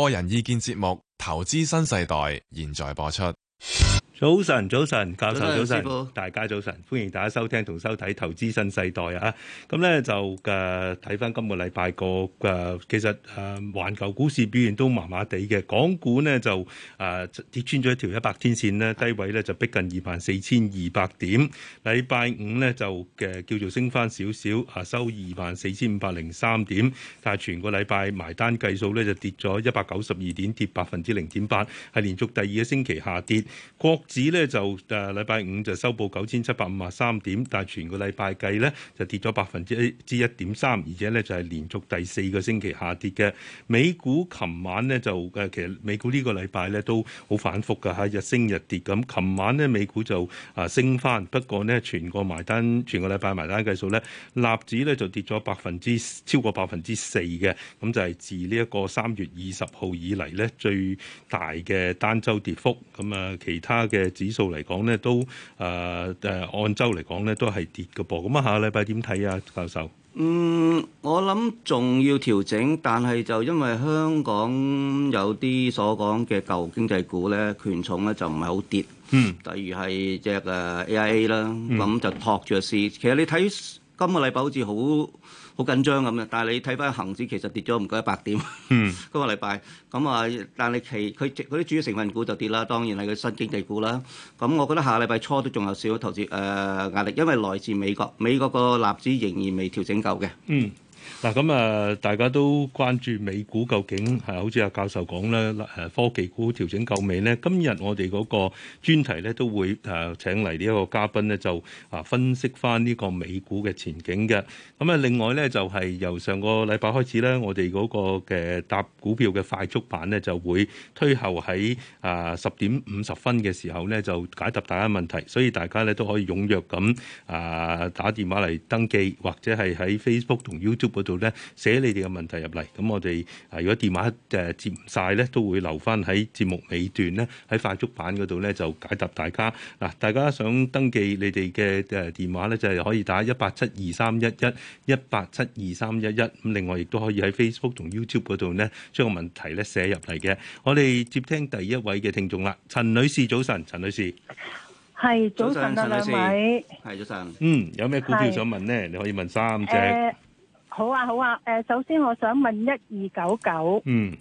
個人意見節目《投資新世代》，現在播出。早晨，早晨，教授，早晨，早晨，師父。大家早晨，歡迎大家收聽同收睇《投資新世代》啊！咁咧就誒睇翻今個禮拜個誒、啊，其實誒、啊、環球股市表現都麻麻地嘅，港股咧就誒、啊、跌穿咗一條一百天線咧，低位咧就逼近二萬四千二百點。禮拜五咧就誒、啊、叫做升翻少少，啊收二萬四千五百零三點，但係全個禮拜埋單計數咧就跌咗一百九十二點，跌百分之零點八，係連續第二個星期下跌。國指咧就誒禮拜五就收報九千七百五十三點，但係全個禮拜計咧就跌咗百分之一之一點三，而且咧就係連續第四個星期下跌嘅。美股琴晚咧就誒其實美股呢個禮拜咧都好反覆嘅吓日升日跌咁。琴晚咧美股就啊升翻，不過呢全個埋單全個禮拜埋單計數咧，納指咧就跌咗百分之超過百分之四嘅，咁就係自呢一個三月二十號以嚟咧最大嘅單周跌幅。咁啊其他嘅。嘅指數嚟講咧，都誒誒按周嚟講咧，都係跌㗎噃。咁啊，下禮拜點睇啊，教授？嗯，我諗仲要調整，但係就因為香港有啲所講嘅舊經濟股咧，權重咧就唔係好跌。嗯，例如係隻誒 AIA 啦，嗯，咁就托着嘅。其實你睇今個禮拜好似好。好緊張咁嘅，但係你睇翻恒指其實跌咗唔夠一百點，嗯、個禮拜咁啊。但係你其佢嗰啲主要成分股就跌啦，當然係佢新經濟股啦。咁我覺得下個禮拜初都仲有少少投資誒壓力，因為來自美國，美國個納指仍然未調整夠嘅。嗯嗱咁啊，大家都關注美股究竟係好似阿教授講咧，誒科技股調整夠未呢？今日我哋嗰個專題咧都會誒請嚟呢一個嘉賓咧，就啊分析翻呢個美股嘅前景嘅。咁啊，另外咧就係由上個禮拜開始咧，我哋嗰個嘅搭股票嘅快速版咧就會推後喺啊十點五十分嘅時候咧就解答大家問題，所以大家咧都可以踴躍咁啊打電話嚟登記，或者係喺 Facebook 同 YouTube。度咧寫你哋嘅問題入嚟，咁我哋啊，如果電話誒接唔曬咧，都會留翻喺節目尾段咧，喺快速版嗰度咧就解答大家。嗱，大家想登記你哋嘅誒電話咧，就係可以打一八七二三一一一八七二三一一。咁另外亦都可以喺 Facebook 同 YouTube 嗰度咧將個問題咧寫入嚟嘅。我哋接聽第一位嘅聽眾啦，陳女士早晨，陳女士，係早晨啊，兩位係早晨。嗯，有咩股票想問咧？你可以問三隻。好啊好啊，誒、啊呃，首先我想問一二九九，嗯，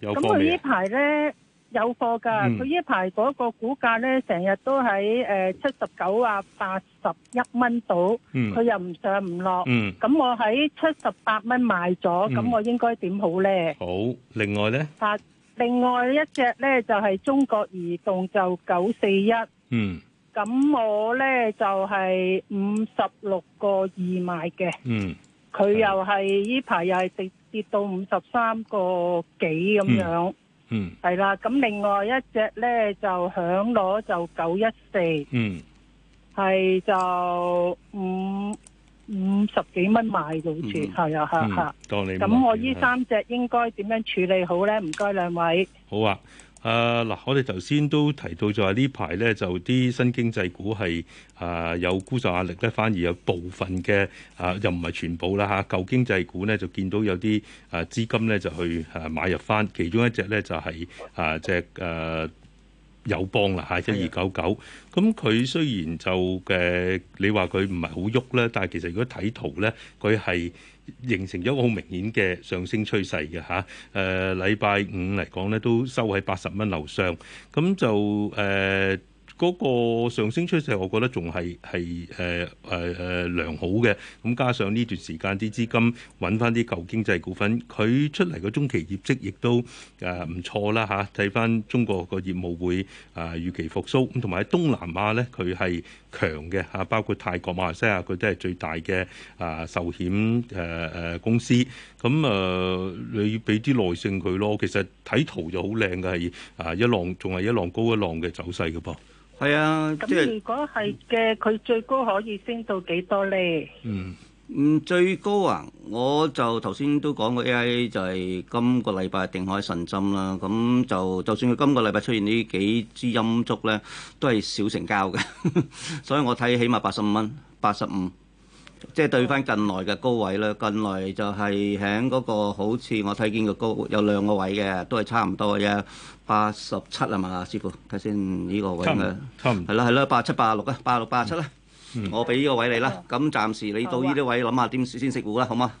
咁佢呢排呢有貨㗎，佢呢排嗰、嗯、個股價呢，成日都喺誒七十九啊八十一蚊度，佢又唔上唔落，79, 嗯，咁、嗯、我喺七十八蚊買咗，咁、嗯、我應該點好呢？好，另外呢，啊，另外一隻呢，就係、是、中國移動就九四一，嗯，咁我呢，就係五十六個二買嘅，嗯。佢又係呢排又係直跌到五十三個幾咁樣，嗯，嗯，係啦。咁另外一隻呢，就響攞就九一四，嗯，係就五五十幾蚊買到住，係啊、嗯，係啊。嗯、當你咁我呢三隻應該點樣處理好呢？唔該兩位。好啊。啊嗱，uh, 我哋頭先都提到就係呢排呢就啲新經濟股係啊、uh, 有沽售壓力呢，反而有部分嘅啊、uh, 又唔係全部啦嚇舊經濟股呢就見到有啲啊資金呢就去啊買入翻，其中一隻呢就係、是、啊隻、uh, 啊友邦啦嚇即係一二九九，咁佢的雖然就嘅、uh, 你話佢唔係好喐呢，但係其實如果睇圖呢，佢係。形成咗好明顯嘅上升趨勢嘅吓。誒、啊，禮、呃、拜五嚟講咧都收喺八十蚊樓上，咁就誒。呃嗰個上升趨勢，我覺得仲係係誒誒誒良好嘅。咁加上呢段時間啲資金揾翻啲舊經濟股份，佢出嚟嘅中期業績亦都誒唔錯啦嚇。睇翻中國個業務會誒、呃、預期復甦，咁同埋喺東南亞咧，佢係強嘅嚇，包括泰國、馬來西亞，佢都係最大嘅啊壽險誒誒、呃、公司。咁誒、呃、你俾啲耐性佢咯。其實睇圖就好靚嘅係啊一浪仲係一浪高一浪嘅走勢嘅噃。係啊，咁、就是、如果係嘅，佢最高可以升到幾多呢？嗯，嗯，最高啊，我就頭先都講過 AI 就係今個禮拜定海神針啦。咁就就算佢今個禮拜出現呢幾支陰燭呢，都係少成交嘅， 所以我睇起碼八十五蚊，八十五。即係對翻近來嘅高位咧，近來就係喺嗰個好似我睇見個高有兩個位嘅，都係差唔多嘅，八十七係嘛？師傅睇先呢個位啦，係啦係啦，八七八六啊，八六八七啦，我俾呢個位你啦，咁、嗯、暫時你到呢啲位諗下點先食糊啦，好嗎？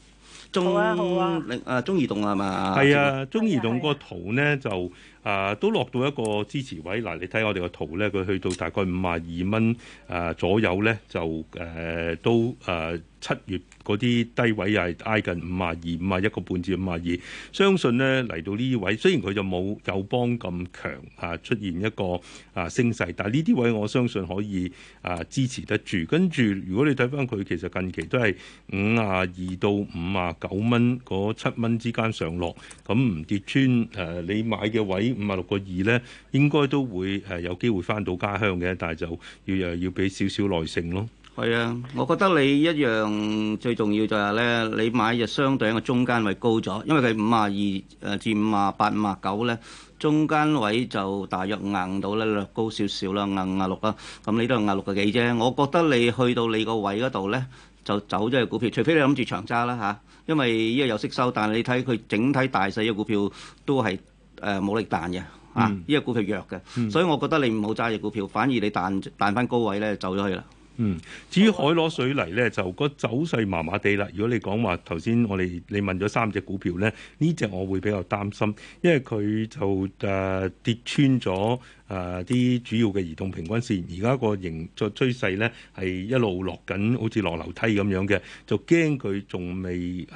中好啊，另啊中移動啊嘛，係啊，中移動個圖咧就誒、呃、都落到一個支持位嗱、呃，你睇我哋個圖咧，佢去到大概五十二蚊誒左右咧就誒、呃、都誒。呃七月嗰啲低位又係挨近五啊二五啊一個半至五啊二，相信呢嚟到呢位，雖然佢就冇友邦咁強啊出現一個啊升勢，但係呢啲位我相信可以啊支持得住。跟住如果你睇翻佢，其實近期都係五啊二到五啊九蚊嗰七蚊之間上落，咁唔跌穿誒、啊、你買嘅位五啊六個二呢，應該都會誒、啊、有機會翻到家鄉嘅，但係就要又、啊、要俾少少耐性咯。係啊，我覺得你一樣最重要就係咧，你買就相對喺個中間位高咗，因為佢五廿二誒至五廿八、五廿九咧，中間位就大約硬到咧略高少少啦，硬五廿六啦。咁你都係硬六個幾啫。我覺得你去到你個位嗰度咧，就走咗隻股票，除非你諗住長揸啦嚇，因為依個有息收。但係你睇佢整體大細嘅股票都係誒冇力彈嘅啊，依個股票弱嘅，所以我覺得你唔好揸隻股票，反而你彈彈翻高位咧走咗去啦。嗯，至於海螺水泥咧，就個走勢麻麻地啦。如果你講話頭先，我哋你問咗三隻股票咧，呢隻我會比較擔心，因為佢就誒跌穿咗。誒啲、啊、主要嘅移動平均線，而家個營作趨勢咧係一路落緊，好似落樓梯咁樣嘅，就驚佢仲未誒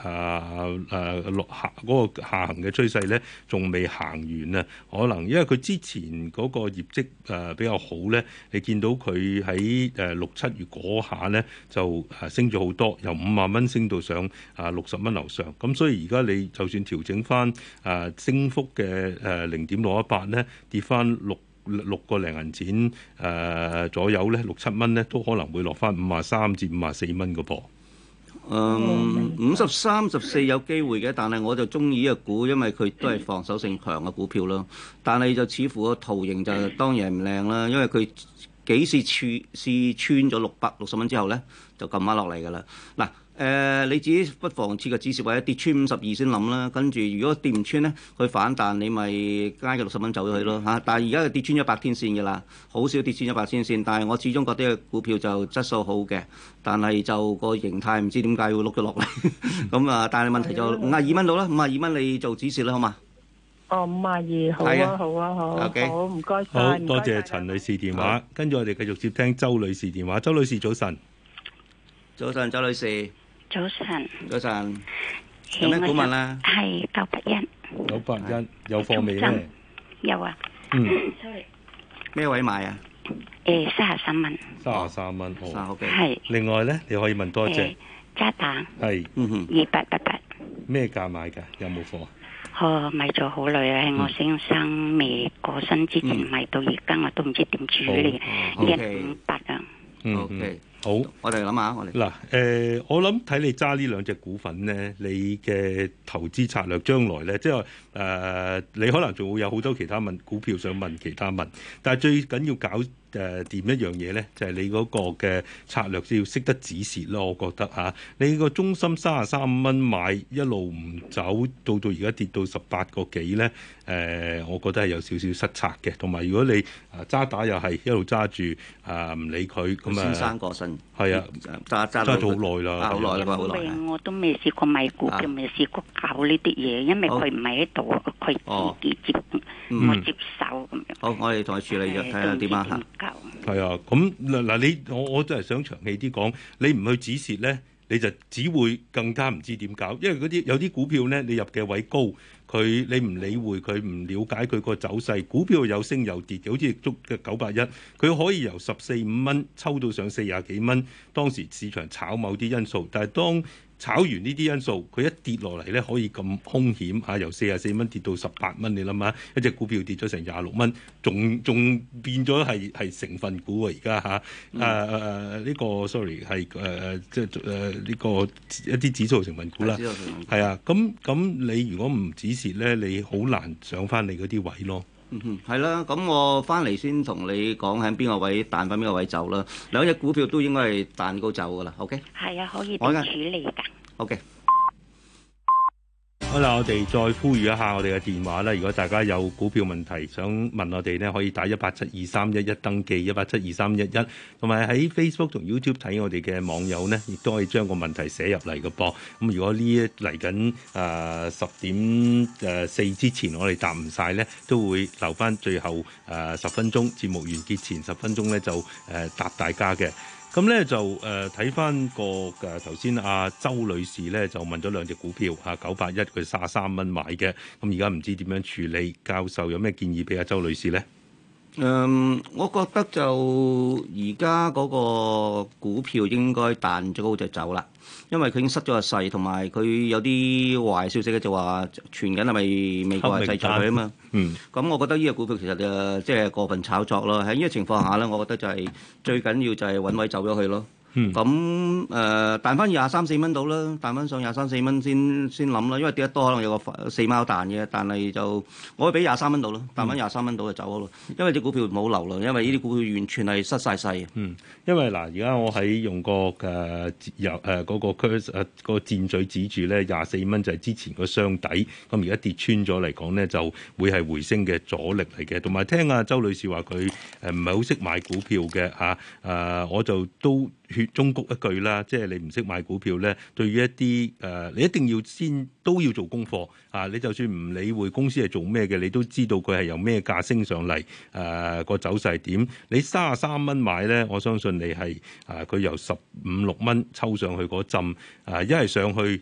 誒落下嗰、那個下行嘅趨勢咧，仲未行完啊！可能因為佢之前嗰個業績、啊、比較好咧，你見到佢喺誒六七月嗰下咧就誒升咗好多，由五萬蚊升到上啊六十蚊樓上。咁所以而家你就算調整翻誒、啊、升幅嘅誒零點六一八咧，跌翻六。六個零銀錢誒、呃、左右，咧，六七蚊咧都可能會落翻五啊三至五啊四蚊嘅噃。嗯，五十三十四有機會嘅，但係我就中意呢個股，因為佢都係防守性強嘅股票咯。但係就似乎個圖形就當然唔靚啦，因為佢幾次穿試穿咗六百六十蚊之後咧，就撳翻落嚟㗎啦。嗱。誒、呃、你自己不妨設個指示，或者跌穿五十二先諗啦。跟住如果跌唔穿咧，佢反彈，你咪加嘅六十蚊走咗去咯嚇。但係而家跌穿一百天線嘅啦，好少跌穿一百天線。但係我始終覺得個股票就質素好嘅，但係就個形態唔知點解會碌咗落嚟。咁啊、嗯嗯，但係問題就五廿二蚊到啦。五廿二蚊你做指示啦，好嘛？哦，五廿二，好啊，啊好啊，好，啊好。好，唔該，多謝好陳女士電話。跟住我哋繼續接聽周女士電話。周女士，早晨。早晨，周女士。早晨，早晨，有咩股問啊？係九八一，九八一有貨未咧？有啊，嗯，咩位買啊？誒，三十三蚊，三十三蚊，好，係。另外咧，你可以問多一隻，渣打，係，二八八八，咩價買噶有冇貨？哦，買咗好耐啊，我先生未過身之前買到而家，我都唔知點處理嘅，一五八啊，嗯，OK。好，我哋諗下，我哋嗱，誒、呃，我諗睇你揸呢兩隻股份咧，你嘅投資策略將來咧，即係誒、呃，你可能仲會有好多其他問股票想問其他問，但係最緊要搞。誒掂一樣嘢咧，就係你嗰個嘅策略要識得止蝕咯，我覺得嚇。你個中芯三啊三五蚊買，一路唔走到到而家跌到十八個幾咧，誒，我覺得係有少少失策嘅。同埋如果你渣打又係一路揸住啊，唔理佢咁啊。先生過身？係啊，揸揸咗好耐啦，好耐啦，好耐啦。我都未試過賣股嘅，未試過搞呢啲嘢，因為佢唔喺度，佢自己接唔接受。好，我哋再處理咗。睇下點啊嚇。係啊，咁嗱嗱你我我都係想詳細啲講，你唔去止蝕咧，你就只會更加唔知點搞，因為啲有啲股票咧，你入嘅位高，佢你唔理會佢，唔了解佢個走勢，股票有升有跌嘅，好似足嘅九百一，佢可以由十四五蚊抽到上四十幾蚊，當時市場炒某啲因素，但係當。炒完呢啲因素，佢一跌落嚟咧，可以咁兇險嚇、啊，由四十四蚊跌到十八蚊，你諗下，一隻股票跌咗成廿六蚊，仲仲變咗係係成分股啊！而家嚇，誒誒呢個，sorry，係誒誒即係誒呢個一啲、啊、指數成分股啦。係啊，咁咁、啊嗯、你如果唔止蝕咧，你好難上翻你嗰啲位咯。嗯哼，係啦，咁我翻嚟先同你講，喺邊個位彈翻邊個位走啦，兩隻股票都應該係彈高走噶啦，OK？係啊，可以，我依家處理㗎。OK。好啦，我哋再呼籲一下，我哋嘅電話啦。如果大家有股票問題想問我哋呢，可以打一八七二三一一登記，一八七二三一一，同埋喺 Facebook 同 YouTube 睇我哋嘅網友呢，亦都可以將個問題寫入嚟嘅噃。咁如果呢一嚟緊誒十點誒四、呃、之前，我哋答唔晒呢，都會留翻最後誒十、呃、分鐘，節目完結前十分鐘呢，就誒、呃、答大家嘅。咁咧就誒睇翻個誒頭先阿周女士咧就問咗兩隻股票嚇，九百一，佢卅三蚊買嘅，咁而家唔知點樣處理？教授有咩建議俾阿周女士咧？誒，我覺得就而家嗰個股票應該彈高就走啦。因為佢已經失咗個勢，同埋佢有啲壞消息嘅，就話傳緊係咪美國制裁佢啊嘛？嗯，咁我覺得呢個股票其實就即係過分炒作啦。喺呢個情況下咧，我覺得就係最緊要就係揾位走咗去咯。咁誒彈翻廿三四蚊到啦，彈翻、嗯嗯呃、上廿三四蚊先先諗啦，因為跌得多可能有個四貓彈嘅，但係就我俾廿三蚊到啦，彈翻廿三蚊到就走咯，因為隻股票冇流啦，因為呢啲股票完全係失曬勢。嗯，因為嗱，而、呃、家我喺用、呃呃呃那個誒有誒嗰個 cursor 個箭嘴指住咧廿四蚊就係之前個箱底，咁而家跌穿咗嚟講咧就會係回升嘅阻力嚟嘅，同埋聽阿周女士話佢誒唔係好識買股票嘅嚇，誒、啊啊、我就都。血中谷一句啦，即係你唔識買股票咧。對於一啲誒、呃，你一定要先都要做功課啊！你就算唔理會公司係做咩嘅，你都知道佢係由咩價升上嚟，誒個走勢點。你三十三蚊買咧，我相信你係啊佢由十五六蚊抽上去嗰陣啊，一係上去誒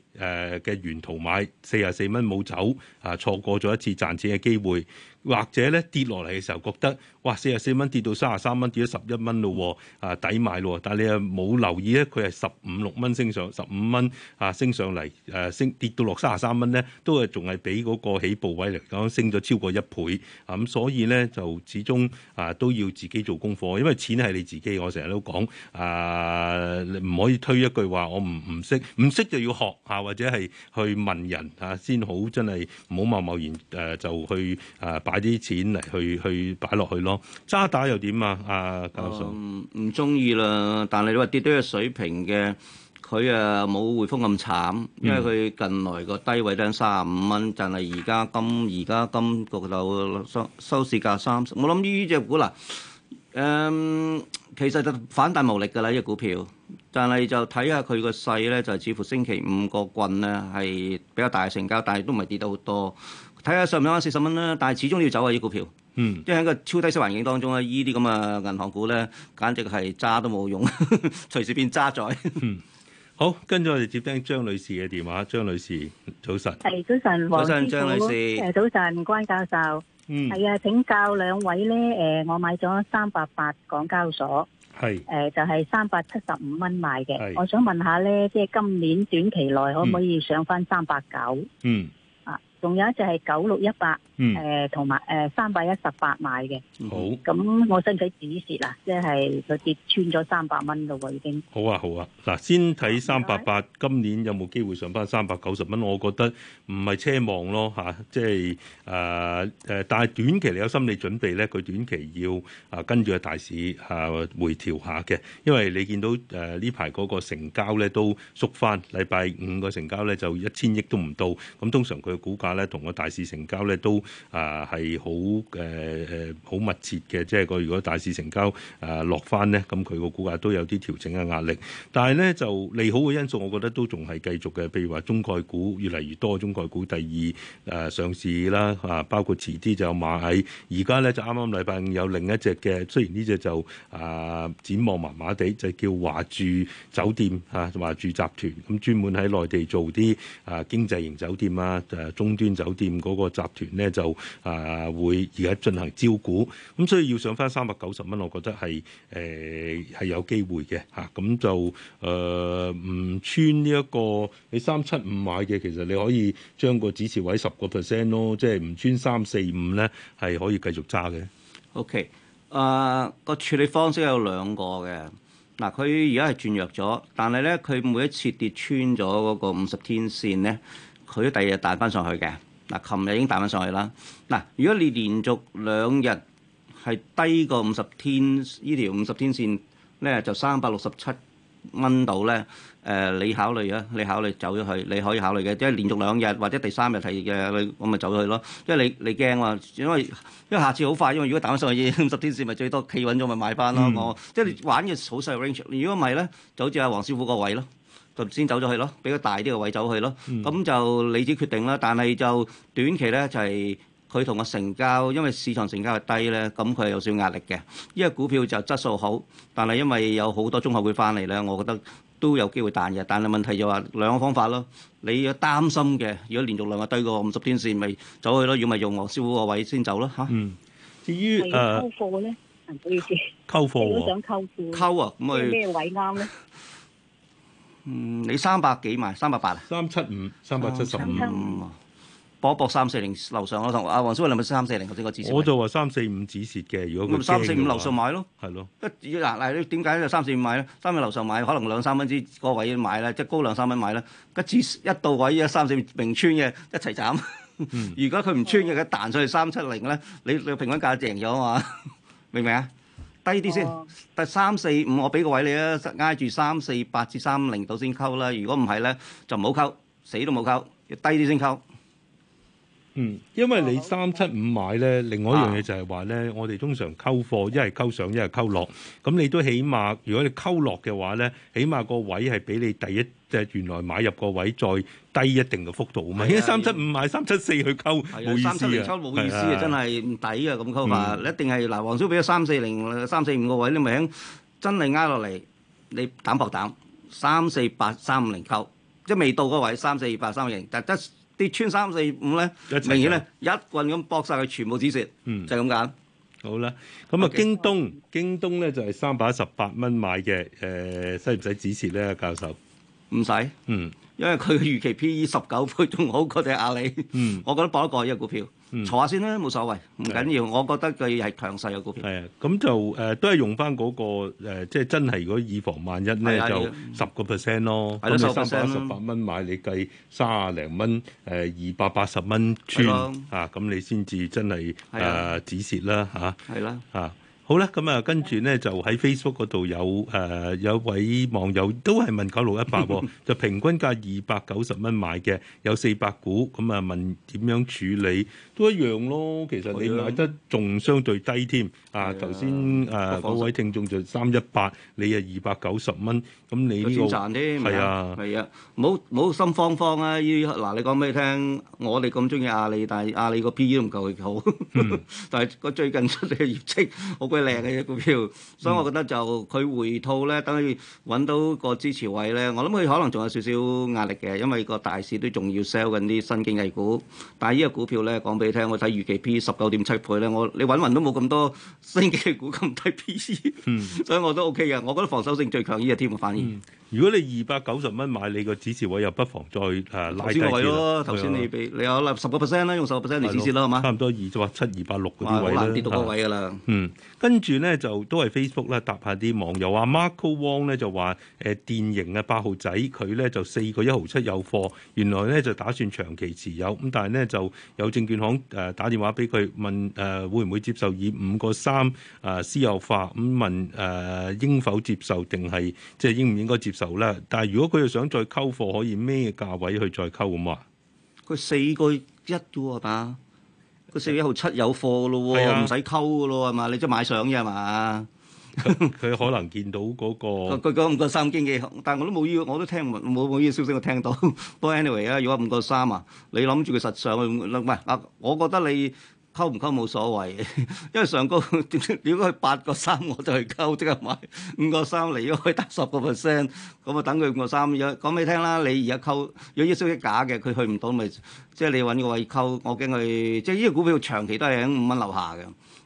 嘅、啊、沿途買四十四蚊冇走啊，錯過咗一次賺錢嘅機會。或者咧，跌落嚟嘅時候，覺得哇四十四蚊跌到三十三蚊，跌咗十一蚊咯喎，啊抵買咯喎，但係你又冇留意咧，佢係十五六蚊升上十五蚊，啊升上嚟，誒升跌到落三十三蚊咧，都係仲係比嗰個起步位嚟講升咗超過一倍，咁、啊、所以咧就始終啊都要自己做功課，因為錢係你自己，我成日都講啊，你唔可以推一句話，我唔唔識，唔識就要學啊，或者係去問人啊，先好真係唔好貿貿然誒、啊、就去啊。啊啊擺啲錢嚟去去擺落去咯，渣打又點啊？阿、啊、教授唔唔中意啦，但係你話跌到嘅水平嘅，佢啊冇匯豐咁慘，因為佢近來個低位都係三十五蚊，但係而家今而家今個頭收收市價三十。我諗呢隻股嗱，誒，其實就反彈無力㗎啦，隻、這個、股票，但係就睇下佢個勢咧，就是、似乎星期五個棍咧係比較大嘅成交，但係都唔係跌得好多。睇下上面啱四十蚊啦，但係始終要走啊！依股票，嗯，即係喺個超低息環境當中咧，依啲咁嘅銀行股咧，簡直係揸都冇用，隨 時變揸在、嗯。好，跟住我哋接聽張女士嘅電話。張女士，早晨。誒，早晨，早晨，張女士。誒，早晨，關教授。嗯。係啊，請教兩位咧，誒，我買咗三百八港交所。係是。誒、呃，就係三百七十五蚊買嘅。是我想問下咧，即係今年短期內可唔可以上翻三百九？嗯。仲有一隻係九六一八。嗯，同埋誒三百一十八買嘅，好。咁我先睇止蝕啊，即係佢跌穿咗三百蚊咯喎已經。好啊好啊，嗱、啊，先睇三百八，今年有冇機會上翻三百九十蚊？我覺得唔係奢望咯嚇、啊，即係誒誒，但係短期你有心理準備咧，佢短期要啊跟住個大市嚇回調下嘅，因為你見到誒呢排嗰個成交咧都縮翻，禮拜五個成交咧就一千億都唔到，咁通常佢嘅股價咧同個大市成交咧都。啊，係好誒誒好密切嘅，即係個如果大市成交啊落翻呢，咁佢個股價都有啲調整嘅壓力。但係咧就利好嘅因素，我覺得都仲係繼續嘅。譬如話中概股越嚟越多中概股，第二誒、啊、上市啦，啊包括遲啲就有螞蟻。而家咧就啱啱禮拜五有另一隻嘅，雖然呢隻就啊展望麻麻地，就叫華住酒店啊華住集團咁，專門喺內地做啲啊經濟型酒店啊誒中端酒店嗰個集團咧就，就啊會而家進行招股，咁所以要上翻三百九十蚊，我覺得係誒係有機會嘅嚇。咁、啊、就誒唔、呃、穿呢、這、一個，你三七五買嘅，其實你可以將個止蝕位十個 percent 咯，即係唔穿三四五咧，係可以繼續揸嘅。OK，啊、呃、個處理方式有兩個嘅，嗱佢而家係轉弱咗，但係咧佢每一次跌穿咗嗰個五十天線咧，佢都第二日彈翻上去嘅。嗱，琴日已經彈翻上去啦。嗱，如果你連續兩日係低過五十天依條五十天線咧，就三百六十七蚊度咧，誒、呃，你考慮啊，你考慮走咗去，你可以考慮嘅。即係連續兩日或者第三日係嘅，你咁咪走咗去咯。即係你你驚嘛？因為因為下次好快，因為如果彈翻上去五十天線，咪最多企穩咗咪買翻咯。我即係你玩嘅好細 range，如果唔係咧，就好似阿黃師傅個位咯。咁先走咗去咯，畀個大啲嘅位走去咯。咁就你自己決定啦。但係就短期咧，就係佢同個成交，因為市場成交係低咧，咁佢係有少少壓力嘅。依個股票就質素好，但係因為有好多綜合股會翻嚟咧，我覺得都有機會彈嘅。但係問題就話兩個方法咯。你擔心嘅，如果連續兩個低過五十天線，咪走去咯。如果唔係用黃師傅個位先走咯嚇。嗯。至於誒，溝貨咧，唔好意思，溝貨。如果想溝貨，溝啊，咁咪咩位啱咧？嗯，你三百幾買，三百八啊？三七五，三百七十五。博一博三四零樓上咯，同阿黃小慧，你咪三四零我就話三四五止蝕嘅，如果三四五樓上買咯，係咯。嗱嗱、啊啊啊，你點解就三四五買咧？三四五樓上買，可能兩三蚊之個位買咧，即係高兩三蚊買咧。嗰止一到位，三四名穿嘅一齊斬。 如果佢唔穿嘅，一彈出去三七零咧，你你平均價贏咗啊嘛？明唔明啊？低啲先，得三四五，我俾個位你啦，挨住三四八至三五零度先溝啦。如果唔係咧，就唔好溝，死都冇溝，要低啲先溝。嗯，因為你三七五買咧，另外一樣嘢就係話咧，我哋通常溝貨一係溝上一係溝落，咁你都起碼如果你溝落嘅話咧，起碼個位係比你第一即係原來買入個位再低一定嘅幅度啊嘛。喺三七五買三七四去溝冇意思，溝冇意思啊，真係唔抵啊！咁溝法你一定係嗱，黃少俾咗三四零、三四五個位，你咪喺真係壓落嚟，你膽搏膽三四八三五零溝，即係未到個位三四八三五零，但得。跌穿三四五咧，明顯咧一，、啊、一棍咁搏晒佢全部止蝕，嗯、就係咁解。好啦吧，咁啊，京東，京東咧就係三百一十八蚊買嘅，誒、呃，使唔使止蝕咧，教授？唔使用，嗯，因為佢嘅預期 P E 十九倍仲好過隻阿里，嗯， 我覺得搏得過一隻股票。嗯、坐下先啦，冇所謂，唔緊要。的我覺得佢係強勢嘅股票。係啊，咁就誒、呃、都係用翻、那、嗰個即係、呃、真係如果以防萬一咧，的就十個 percent 咯。係啦，十個 percent 咯，你三百一十八蚊買，你計卅零蚊，誒二百八十蚊穿啊，咁你先至真係誒的、呃、止蝕啦嚇。係、啊、啦，嚇。好啦，咁啊，跟住咧就喺 Facebook 度有誒有位網友都係問九六一八喎， 就平均價二百九十蚊買嘅，有四百股，咁啊問點樣處理都一樣咯。其實你買得仲相對低添啊！頭先誒 𠮶 位聽眾就三一八，你啊二百九十蚊，咁你呢個賺錢添，係啊係啊，唔好唔好心慌慌啊！依嗱你講俾你聽，我哋咁中意阿里，但係阿里個 P E 都唔夠佢好， 但係個最近出嚟嘅業績。我靚嘅隻股票，所以我覺得就佢回吐咧，等佢搵到個支持位咧。我諗佢可能仲有少少壓力嘅，因為個大市都仲要 sell 緊啲新經濟股。但係呢個股票咧，講俾你聽，我睇預期 P 十九點七倍咧，我你搵勻都冇咁多新經濟股咁低 P、嗯。所以我都 OK 嘅。我覺得防守性最強呢個添。物反而、嗯。如果你二百九十蚊買你個支持位，又不妨再誒拉低啲咯。頭、呃、先你、啊、你有啦，十個 percent 啦，用十個 percent 嚟試試咯，係嘛、啊啊？差唔多二百七、二百六嗰啲位跌到嗰位㗎啦。嗯。跟住咧就都係 Facebook 啦，搭一下啲網友啊 Marco Wong 咧就話誒電盈啊八號仔佢咧就四個一毫七有貨，原來咧就打算長期持有，咁但係咧就有證券行誒打電話俾佢問誒、呃、會唔會接受以五個三啊私有化，咁問誒、呃、應否接受定係即係應唔應該接受咧？但係如果佢又想再溝貨，可以咩價位去再溝咁啊？佢四個一啫喎，個四月一號出有貨咯，唔使溝噶咯，係嘛？你即係買相嘅係嘛？佢可能見到嗰個， 佢講五個三經紀，但係我都冇要，我都聽唔冇冇呢啲消息，我聽到。不 u anyway 啊，如果五個三啊，你諗住佢實上，唔啊，我覺得你。溝唔溝冇所謂，因為上高點知，如果佢八個三 我就去溝，即刻買五個三嚟咗去得十個 percent，咁啊等佢五個三。如果講俾、就是、你聽啦，你而家溝有啲消息假嘅，佢去唔到咪即係你揾個位溝，我驚佢即係呢個股票長期都係喺五蚊樓下嘅。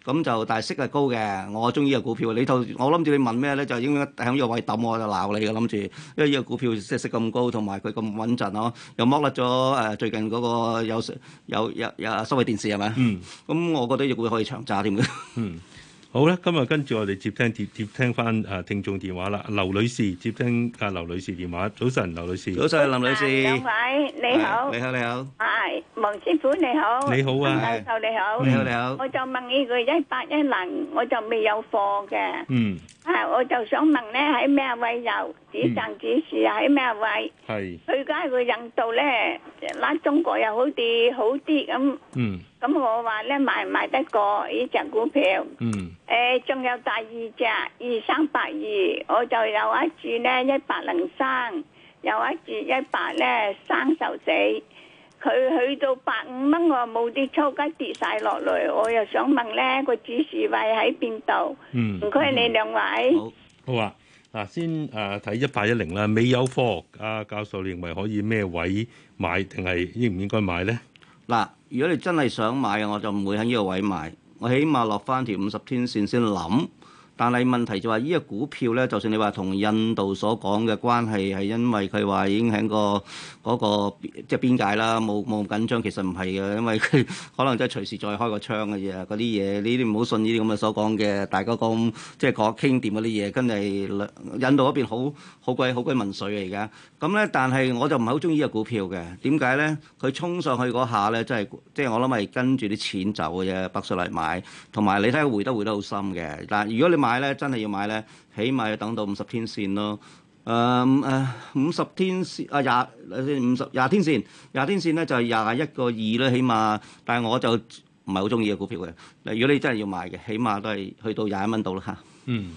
咁就但係息係高嘅，我中意呢個股票。你套我諗住你問咩咧？就應該喺呢個位揼我，我就鬧你嘅諗住，因為呢個股票息息咁高，同埋佢咁穩陣咯，又剝甩咗誒最近嗰個有有有收尾電視係咪？嗯，咁我覺得亦股可以長揸添嘅。嗯。好啦，今日跟住我哋接聽接接聽翻啊聽眾電話啦，劉女士接聽啊劉女士電話，早晨，劉女士，早晨，林女士，兩位你好，你好你好，係黃師傅你好，你好啊，教授你好，你好你好，我就問你個一八一零，我就未有貨嘅，嗯。啊！我就想問咧，喺咩位又止漲止蝕？喺咩位？係佢而家個印度咧，拉中國又好啲，好啲咁。嗯。咁我話咧，買唔買得過呢隻股票？嗯。誒，仲有第二隻二三百二，我就有一注咧一百零三，有一注一百咧三十四。佢去到百五蚊，我冇啲抽筋跌曬落嚟，我又想問咧，個指示位喺邊度？唔該你兩位。好。好啊，嗱，先誒睇一八一零啦，美優科，阿教授你認為可以咩位買，定係應唔應該買咧？嗱，如果你真係想買啊，我就唔會喺呢個位買，我起碼落翻條五十天線先諗。但係問題就話、是、依、這個股票咧，就算你話同印度所講嘅關係係因為佢話已經喺、那個嗰個即係邊界啦，冇冇咁緊張，其實唔係嘅，因為佢可能真係隨時再開個窗嘅嘢，嗰啲嘢呢啲唔好信呢啲咁嘅所講嘅。大家講即係講傾掂嗰啲嘢，跟住印度嗰邊好好鬼好鬼民粹啊而家。咁咧，但係我就唔係好中意呢個股票嘅。點解咧？佢衝上去嗰下咧，真係即係我諗係跟住啲錢走嘅啫，北水嚟買。同埋你睇回得回得好深嘅。但係如果你，買咧真係要買咧，起碼要等到、嗯呃、五十天線咯。誒、啊、五五十天線啊廿五十廿天線廿天線咧就係廿一個二啦，起碼。但係我就唔係好中意嘅股票嘅。如果你真係要買嘅，起碼都係去到廿一蚊度啦。嚇，嗯。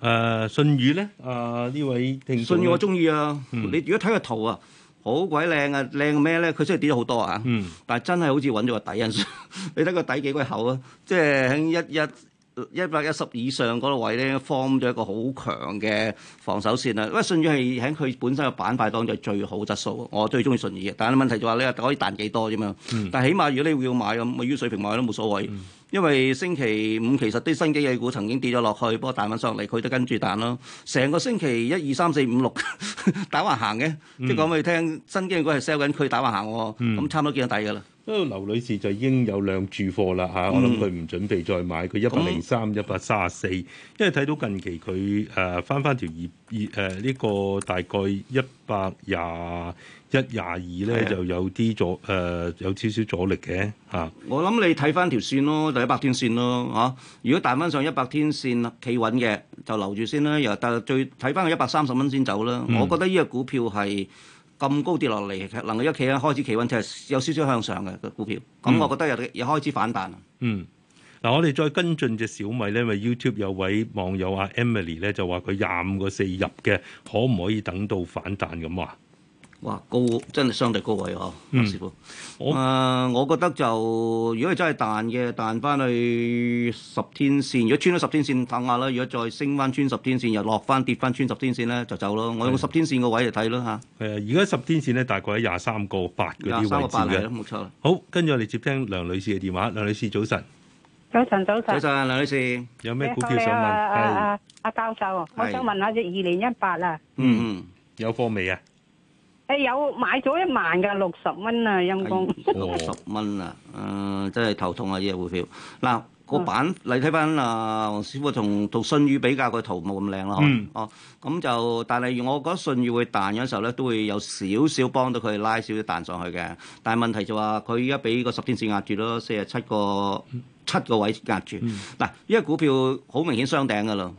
誒、呃、信宇咧？誒、呃、呢位聽眾信宇我中意啊。嗯、你如果睇個圖，圖啊，好鬼靚啊！靚咩咧？佢雖然跌咗好多啊。嗯。但係真係好似揾咗個底印， 你睇個底幾鬼厚啊！即係喺一一。一百一十以上嗰個位咧，放咗一個好強嘅防守線啦。因為信義係喺佢本身嘅板塊當中係最好質素，我最中意信義嘅。但係問題就話咧，可以彈幾多啫嘛？但係起碼如果你會要買咁，於水平買都冇所謂。因為星期五其實啲新經濟股曾經跌咗落去，不過彈翻上嚟，佢都跟住彈咯。成個星期一二三四五六打橫行嘅，即係講俾你聽，新經濟股係 sell 緊，佢打橫行喎。咁、嗯、差唔多見到底㗎啦。嗰個劉女士就已經有兩注貨啦嚇，嗯、我諗佢唔準備再買，佢一百零三、一百三十四，因為睇到近期佢誒、呃、翻翻條二二誒呢個大概一百廿一廿二咧就有啲阻誒有少少阻力嘅嚇。啊、我諗你睇翻條線咯，就一、是、百天線咯嚇、啊。如果彈翻上一百天線企穩嘅，穩就留住先啦。又但係最睇翻個一百三十蚊先走啦。嗯、我覺得呢個股票係。咁高跌落嚟，能夠一企啊開始企穩，就係有少少向上嘅個股票。咁、嗯、我覺得有又開始反彈嗯。嗯，嗱，我哋再跟進隻小米咧，咪 YouTube 有位網友阿 Emily 咧就話佢廿五個四入嘅，可唔可以等到反彈咁話？哇，高真係相對高位嗬，阿師傅。我我覺得就如果係真係彈嘅，彈翻去十天線。如果穿咗十天線，撐下啦。如果再升翻穿十天線，又落翻跌翻穿十天線咧，就走咯。我用十天線個位嚟睇咯吓，係而家十天線咧大概喺廿三個八嗰啲位置嘅，冇錯。好，跟住我哋接聽梁女士嘅電話。梁女士早晨，早晨早晨。早晨，梁女士，有咩股票想問？係啊，阿教授，我想問下隻二零一八啊。嗯嗯，有貨未啊？誒、哎、有買咗一萬㗎，六十蚊啊陰公、 哎，六十蚊啊，誒、呃、真係頭痛啊！呢隻股票嗱、這個板，你睇翻啊黃、呃、師傅同同信譽比較個圖冇咁靚咯，哦咁、嗯啊、就但係我覺得信譽會彈嗰陣時候咧，都會有少少幫到佢拉少少彈上去嘅。但係問題就話佢依家俾個十天線壓住咯，四十七個七個位壓住，嗱、嗯，依個股票好明顯雙頂㗎咯。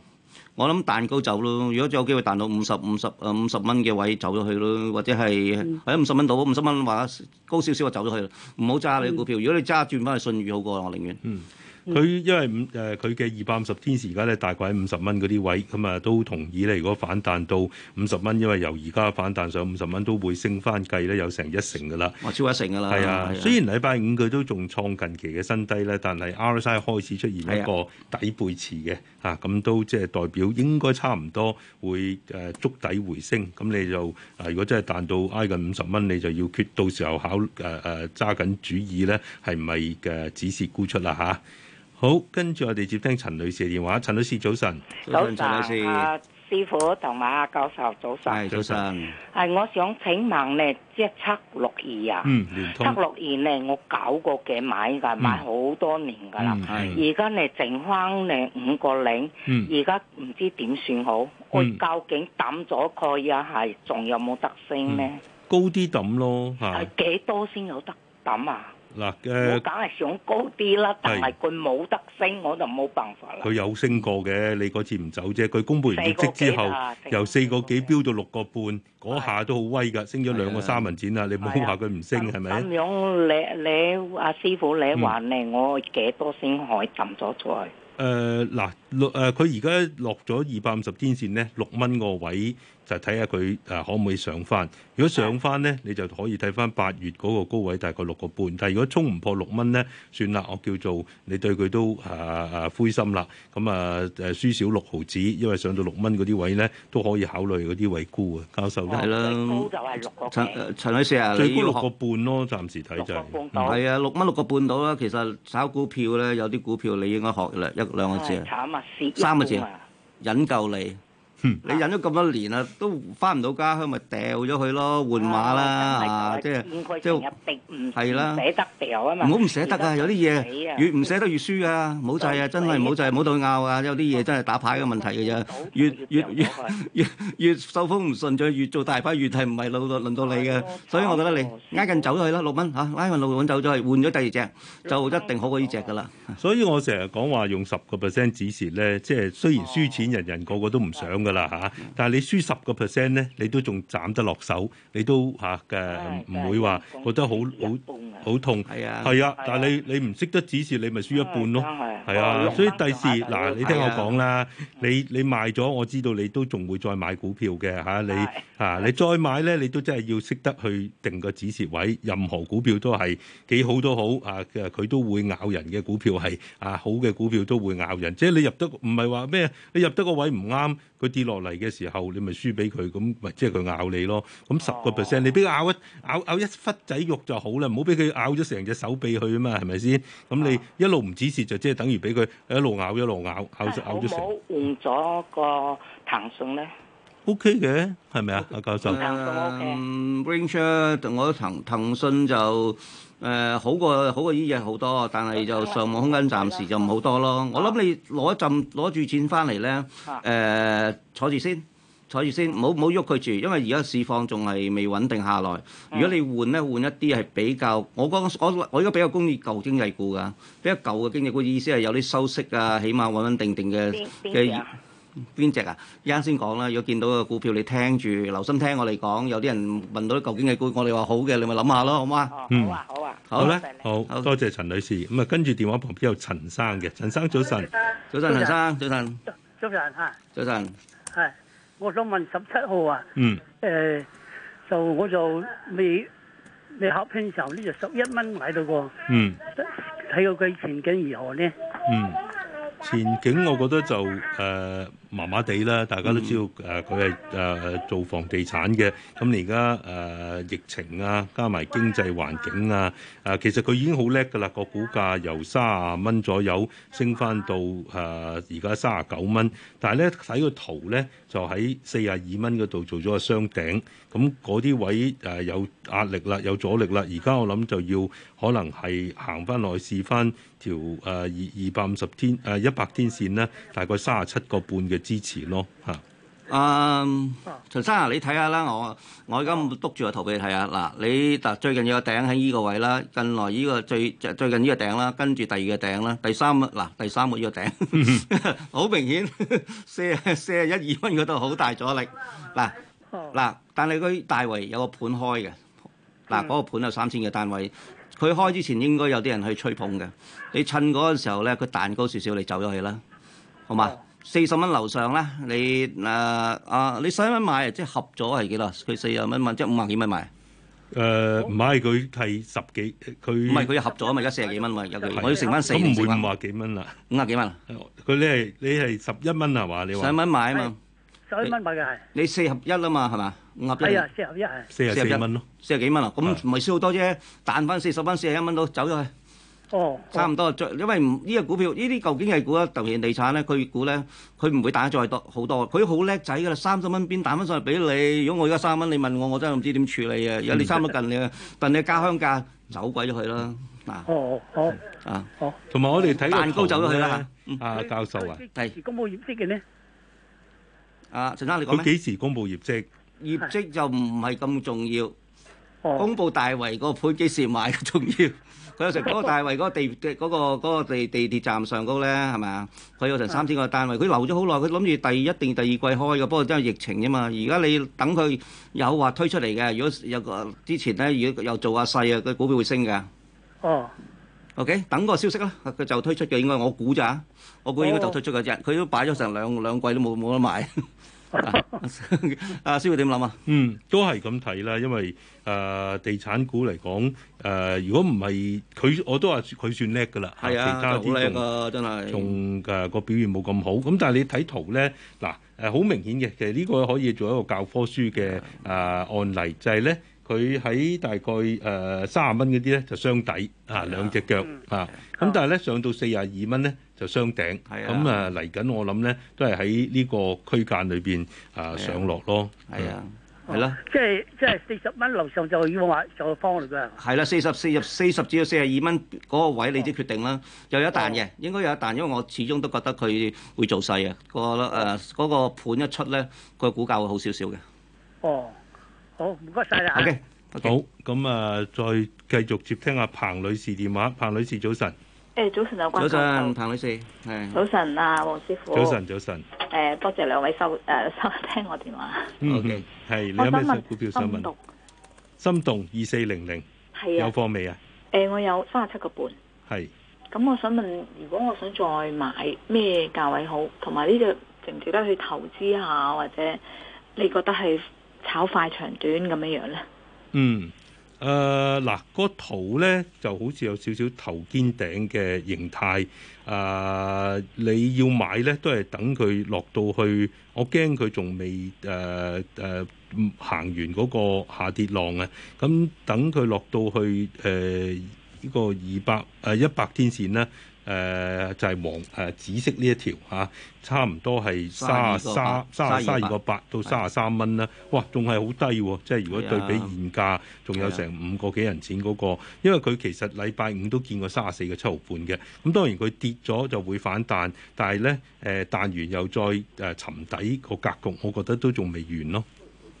我諗蛋糕走咯，如果仲有機會彈到五十五十五十蚊嘅位走咗去咯，或者係、嗯、或者五十蚊到，五十蚊話高少少就走咗去啦，唔好揸你啲股票，嗯、如果你揸轉翻個信譽好過，我寧願。嗯佢因為五誒佢嘅二百五十天線而家咧，大概喺五十蚊嗰啲位，咁、嗯、啊都同意咧。如果反彈到五十蚊，因為由而家反彈上五十蚊都會升翻計咧，有成一成噶啦，超一成噶啦。係啊，啊雖然禮拜五佢都仲創近期嘅新低咧，但係 RSI 開始出現一個底背馳嘅嚇，咁、啊啊、都即係代表應該差唔多會誒築、呃、底回升。咁你就啊、呃，如果真係彈到挨近五十蚊，你就要決到時候考誒誒揸緊主意咧，係咪嘅指示沽出啦嚇。呃呃好，跟住我哋接聽陳女士嘅電話。陳女士早晨，早晨，陳女士，阿師傅同埋阿教授早晨，係早晨，係我想請問咧，即係七六二啊，嗯，七六二咧，我搞過嘅買噶，買好多年噶啦，而家咧剩翻你五個零，嗯，而家唔知點算好，我究竟抌咗佢啊，係仲有冇得升咧？高啲抌咯，係幾多先有得抌啊？嗱，誒，我梗係想高啲啦，但係佢冇得升，我就冇辦法啦。佢有升過嘅，你嗰次唔走啫。佢公布完業績之後，由四個幾飆到六個半，嗰下都好威㗎，升咗兩個三文錢啦。你唔好話佢唔升係咪？咁樣你你阿師傅你話咧，我幾多升海浸咗出去？誒嗱，六誒佢而家落咗二百五十天線咧，六蚊個位。就睇下佢誒可唔可以上翻？如果上翻咧，你就可以睇翻八月嗰個高位大概六個半。但係如果衝唔破六蚊咧，算啦，我叫做你對佢都誒誒灰心啦。咁啊誒輸少六毫子，因為上到六蚊嗰啲位咧都可以考慮嗰啲位沽啊，教授。係啦，就係六個。陳陳女士啊，最高六個半咯，暫時睇就係。係啊，六蚊六個半到啦。其實炒股票咧，有啲股票你應該學兩一兩個字。啊！三個字，引夠你。你忍咗咁多年啦，都翻唔到家鄉，咪掉咗佢咯，換馬啦嚇，即係即係一定唔捨得掉啊嘛！唔好唔捨得啊，有啲嘢越唔捨得越輸啊！冇制啊，真係冇制，冇對拗啊！有啲嘢真係打牌嘅問題嘅啫，越越越越越受風唔順，再越做大牌，越係唔係到到輪到你嘅。所以我覺得你挨近走咗去啦，六蚊嚇，挨近輪到揾走咗，係換咗第二隻就一定好過呢隻噶啦。所以我成日講話用十個 percent 指示咧，即係雖然輸錢，人人個個都唔想噶。啦嚇，但係你輸十個 percent 咧，你都仲斬得落手，你都嚇嘅唔會話覺得好好好痛係啊，係啊，但係你你唔識得止蝕，你咪輸一半咯，係啊，所以第時嗱，你聽我講啦，你你賣咗，我知道你都仲會再買股票嘅嚇，你嚇你再買咧，你都真係要識得去定個止蝕位，任何股票都係幾好都好啊嘅，佢都會咬人嘅股票係啊好嘅股票都會咬人，即係你入得唔係話咩？你入得個位唔啱佢，跌落嚟嘅時候，你咪輸俾佢，咁咪即係佢咬你咯。咁十個 percent，你俾佢咬一咬、哦、咬一忽仔肉就好啦，唔好俾佢咬咗成隻手臂去啊嘛，係咪先？咁你一路唔止蝕，就即係等於俾佢一路咬一路咬是咬咬咗成。我換咗個騰訊咧，OK 嘅，係咪 Okay. 啊，阿教授？Uh, Ranger, 騰訊 OK。BrainShare 我騰騰訊就。誒、呃、好過好過呢樣好多，但係就上網空間暫時就唔好多咯。啊、我諗你攞一陣攞住錢翻嚟咧，誒、呃、坐住先，坐住先，唔好唔好喐佢住，因為而家市況仲係未穩定下來。如果你換咧，換一啲係比較，我講我我依家比較中意舊經濟股㗎，比較舊嘅經濟股意思係有啲收息啊，起碼穩穩定定嘅嘅邊隻啊？啱先講啦，如果見到個股票你聽住，留心聽我哋講。有啲人問到啲舊經濟股，我哋話好嘅，你咪諗下咯，好嗎？嗯。好啦，好多謝陳女士。咁啊，跟住電話旁邊有陳生嘅，陳生早晨。早晨，陳生早晨。早晨嚇。早晨。係，我想問十七號啊。嗯。誒，就我就未未合拼時候呢，就十一蚊買到喎。嗯。睇過佢前景如何呢？嗯，前景我覺得就誒。麻麻哋啦，大家都知道誒佢係誒做房地產嘅，咁你而家誒疫情啊，加埋經濟環境啊，誒、呃、其實佢已經好叻噶啦，個股價由卅啊蚊左右升翻到誒而家卅啊九蚊，但係咧睇個圖咧就喺四啊二蚊嗰度做咗個雙頂，咁嗰啲位誒有壓力啦，有阻力啦，而家我諗就要可能係行翻落去試翻條誒二二百五十天誒一百天線啦，大概卅啊七個半嘅。支持咯嚇。嗯、呃，陳生啊，你睇下啦。我我而家督住個圖俾你睇下嗱。你嗱最近有個頂喺依個位啦。近來依個最最近呢個頂啦，跟住第二個頂啦，第三嗱第三個呢個頂，好、 嗯、明顯四十一、二蚊嗰度好大阻力嗱嗱。但係佢大圍有個盤開嘅嗱，嗰、那個盤有三千嘅單位，佢開之前應該有啲人去吹捧嘅。你趁嗰個時候咧，佢彈高少少，你走咗去啦，好嘛？嗯四十蚊樓上啦，你誒啊，你使乜買？即係合咗係幾多？佢四十蚊買，即係五萬幾蚊買？誒唔係，佢係十幾，佢唔係佢合咗啊嘛，而家四十幾蚊啊嘛，而家佢我要乘翻四萬，咁唔會五萬幾蚊啦，五萬幾蚊？佢咧，你係十一蚊啊嘛？你話十一蚊買啊嘛？十一蚊買嘅係你四合一啊嘛？係嘛？五合一？哎呀，四合一係四十四蚊咯，四十幾蚊啊？咁唔係輸好多啫，彈翻四十蚊，四十一蚊都走咗去。哦，差唔多，最，因為唔呢個股票呢啲究竟係股咧，尤其是地產咧，佢估咧，佢唔會打再多好多，佢好叻仔噶啦，三十蚊邊打翻上嚟俾你。如果我而家三十蚊，你問我，我真係唔知點處理啊。如果你差唔多近嘅，但你家鄉價，嗱，走鬼咗去啦，嗱。哦，好。啊，好。同埋我哋睇蛋糕走咗去啦。嗯，阿教授啊。係公布業績嘅呢。阿陳生，你講咩？佢幾時公布業績？業績就唔係咁重要。公布大圍個盤幾時賣重要？佢 有成嗰個大圍嗰、嗰個地、嗰個、地嗰、嗰個、地地鐵站上高咧，係咪啊？佢有成三千個單位，佢留咗好耐，佢諗住第二一,一定第二季開嘅，不過因為疫情啫嘛。而家你等佢有話推出嚟嘅，如果有個之前咧，如果又做下細啊，佢股票會升嘅。哦、oh.，OK，等個消息啦，佢就推出嘅應該我，我估咋？我估應該就推出嗰隻，佢都擺咗成兩兩季都冇冇得買。 阿、 啊啊、師傅點諗啊？嗯，都係咁睇啦，因為誒、呃、地產股嚟講，誒、呃、如果唔係佢，我都話佢算叻㗎啦。係啊，好叻㗎，真係。仲誒、啊、個表現冇咁好。咁、嗯、但係你睇圖咧，嗱，誒好明顯嘅，其實呢個可以做一個教科書嘅誒、呃、案例就呢，就係咧佢喺大概誒三十蚊嗰啲咧就雙底，啊兩隻腳啊，咁、嗯嗯嗯嗯嗯嗯嗯嗯、但係咧上到四十二蚊咧。就雙頂，咁啊嚟緊，我諗咧都係喺呢個區間裏邊啊上落咯，係啊，係咯，即係即係四十蚊樓上就要話就方嚟㗎，係啦，四十四十四十至到四十二蚊嗰個位，你先決定啦。又有一彈嘅，應該有一彈，因為我始終都覺得佢會做細嘅，個誒嗰個盤一出咧，個股價會好少少嘅。哦，好唔該曬啦。OK，好。咁啊，再繼續接聽阿彭女士電話。彭女士早晨。誒，早晨有關生、譚女士，係早晨啊，黃師傅，早晨，早晨。誒、呃，多謝兩位收誒、呃、收聽我電話。O K，係。我想問，你有咩股票想問，心動二四零零有貨未啊？誒、呃，我有三十七個半。係。咁我想問，如果我想再買咩價位好？同埋呢隻值唔值得去投資下？或者你覺得係炒快長短咁樣樣咧？嗯。誒，嗱，個圖咧就好似有少少頭肩頂嘅形態，誒、呃、你要買咧都係等佢落到去，我驚佢仲未誒誒行完嗰個下跌浪啊，咁等佢落到去誒呢、呃、個二百誒一百天線啦、啊。誒、呃、就係、是、黃誒、呃、紫色呢一條嚇、啊，差唔多係三啊三三啊三二個八到三十三蚊啦，的哇，仲係好低喎、啊！即係如果對比現價，仲的有成五個幾銀錢嗰、那個，的因為佢其實禮拜五都見過三十四嘅七毫半嘅，咁當然佢跌咗就會反彈，但係咧誒彈完又再誒沉、呃、底個格局，我覺得都仲未完咯。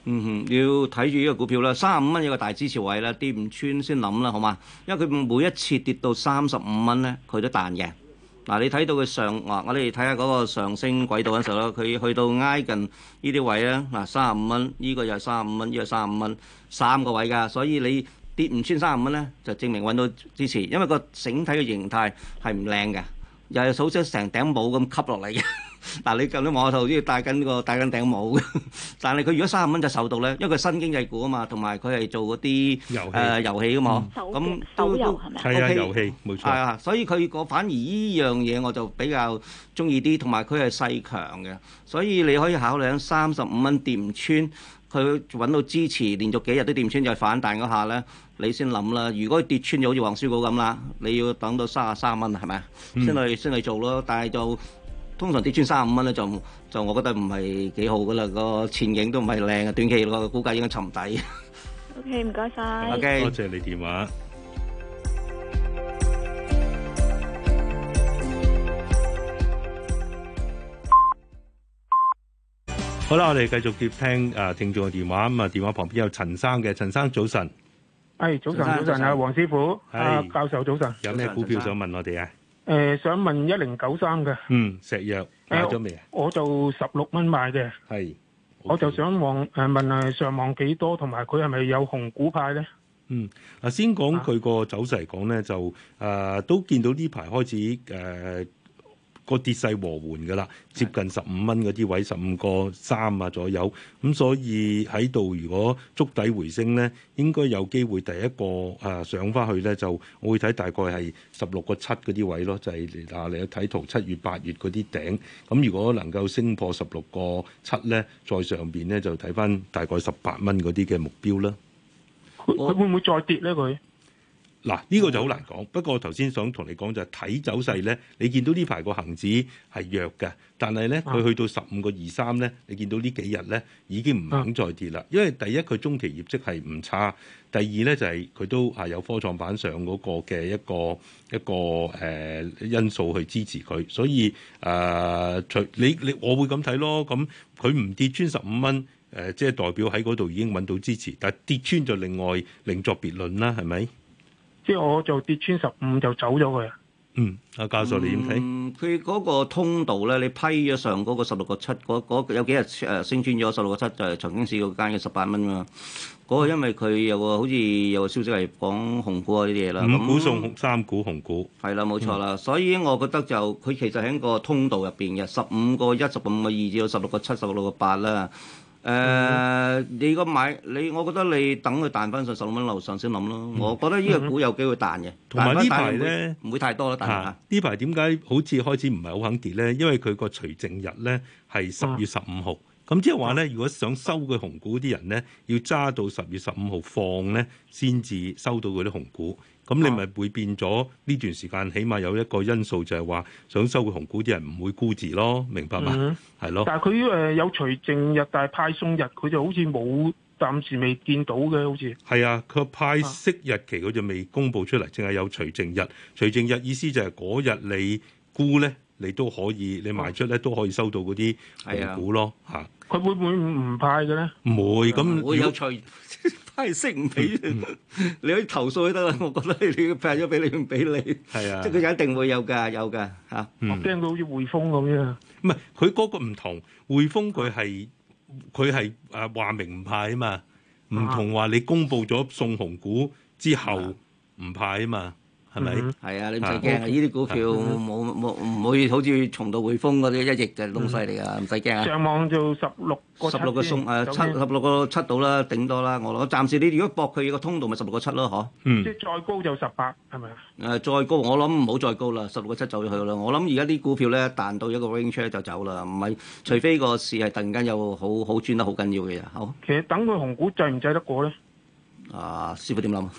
嗯哼，要睇住呢個股票啦，三十五蚊一個大支持位啦，跌唔穿先諗啦，好嘛？因為佢每一次跌到三十五蚊咧，佢都彈嘅嗱。你睇到佢上，我我哋睇下嗰個上升軌道嗰陣時候啦，佢去到挨近呢啲位啊嗱，三十五蚊呢個又係三十五蚊，呢、呢個三十五蚊三個位㗎，所以你跌唔穿三十五蚊咧，就證明揾到支持，因為個整體嘅形態係唔靚嘅。又係數出成頂帽咁吸落嚟嘅，但 你近啲望下都要戴緊個戴緊頂帽嘅。 但係佢如果三十蚊就受到咧，因為佢新經濟股啊嘛，同埋佢係做嗰啲誒遊戲嘅嘛，咁都都係啊遊戲冇錯，係啊，所以佢個反而依樣嘢我就比較中意啲，同埋佢係勢強嘅，所以你可以考慮喺三十五蚊墊穿。佢揾到支持，連續幾日都跌穿就反彈嗰下咧，你先諗啦。如果跌穿就好似黃書稿咁啦，你要等到三十三蚊係咪先去先去做咯？但係就通常跌穿三十五蚊咧，就就我覺得唔係幾好噶啦，個前景都唔係靚嘅，短期個估計應該沉底。O K，唔該晒，多謝你電話。好啦，我哋繼續接聽誒聽眾嘅電話。咁啊，電話旁邊有陳生嘅，陳生早晨。係早晨，早晨啊，黃師傅，阿教授早晨。有咩股票想問我哋啊？誒，想問一零九三嘅。嗯，石藥買咗未啊？我就十六蚊買嘅。係，我就想望誒，問下上望幾多，同埋佢係咪有紅股派咧？嗯，啊，先講佢個走勢嚟講咧，就誒都見到呢排開始誒。個跌勢和緩嘅啦，接近十五蚊嗰啲位，十五個三啊左右。咁所以喺度如果築底回升咧，應該有機會第一個誒、啊、上翻去咧，就我會睇大概係十六個七嗰啲位咯，就係嗱你睇圖七月八月嗰啲頂，咁如果能夠升破十六個七咧，再上邊咧就睇翻大概十八蚊嗰啲嘅目標啦。佢佢會唔會再跌咧佢？嗱呢個就好難講，不過我頭先想同你講就係睇走勢咧，你見到呢排個恆指係弱嘅，但係咧佢去到十五個二三咧，你見到呢幾日咧已經唔肯再跌啦。因為第一佢中期業績係唔差，第二咧就係佢都係有科創板上嗰個嘅一個一個誒、呃、因素去支持佢，所以誒、呃、除你你我會咁睇咯。咁佢唔跌穿十五蚊誒，即係代表喺嗰度已經揾到支持，但係跌穿就另外另作別論啦，係咪？即係我就跌穿十五就走咗佢。嗯，阿教授你點睇？嗯，佢嗰 K. 個通道咧，你批咗上嗰個十六個七，嗰有幾日誒升穿咗十六個七，就係曾經試過間嘅十八蚊啊。嗰、那個因為佢有個好似有個消息係講紅股啊啲嘢啦。五股送，那三股紅股。係啦，冇錯啦。所以我覺得就佢其實喺個通道入邊嘅十五個、一十五個二至到十六個七、十六個八啦。誒、呃，你個買你，我覺得你等佢彈翻上十六蚊樓上先諗咯。我覺得呢個股有機會彈嘅，同埋有呢排咧唔會太多啦。呢排點解好似開始唔係好肯跌咧？因為佢個除淨日咧係十月十五號，咁即係話咧，如果想收佢紅股啲人咧，要揸到十月十五號放咧，先至收到佢啲紅股。咁你咪會變咗呢段時間，起碼有一個因素就係話想收回紅股啲人唔會沽字咯，明白嘛？係、嗯、咯。但係佢誒有除淨日，但係派送日佢就好似冇，暫時未見到嘅好似。係啊，佢派息日期佢就未公布出嚟，淨係有除淨日。除淨日意思就係嗰日你沽咧，你都可以，你賣出咧都可以收到嗰啲紅股咯嚇。佢、啊啊、會唔會唔派嘅咧？唔會，咁會有除。係識唔俾，嗯、你可以投訴就得啦。我覺得你，你派咗俾你唔俾你，係是啊，即係佢一定會有噶，有噶吓。我驚是、啊嗯、到好似匯豐咁樣，唔係佢嗰個唔同匯豐，佢係佢係誒話明派啊嘛，唔同話你公布咗送紅股之後唔派啊嘛、啊。係咪？係、mm hmm. 啊，你唔使驚啊！呢啲股票冇冇唔會好似重到匯豐嗰啲一億嘅東西嚟噶，唔使驚啊。上網就十六個七。十六個送誒七，十六個七到啦，頂多啦。我諗暫時你如果搏佢個通道咪十六個七咯，嗬、就是？即係、mm hmm. 再高就十八，係咪啊？誒，再高我諗唔好再高啦，十六個七走咗去啦。我諗而家啲股票咧彈到一個 range 就走啦，唔係除非個市係突然間有好好轉得好緊要嘅嘢。好。其實等佢紅股制唔制得過咧？啊，師傅點諗啊？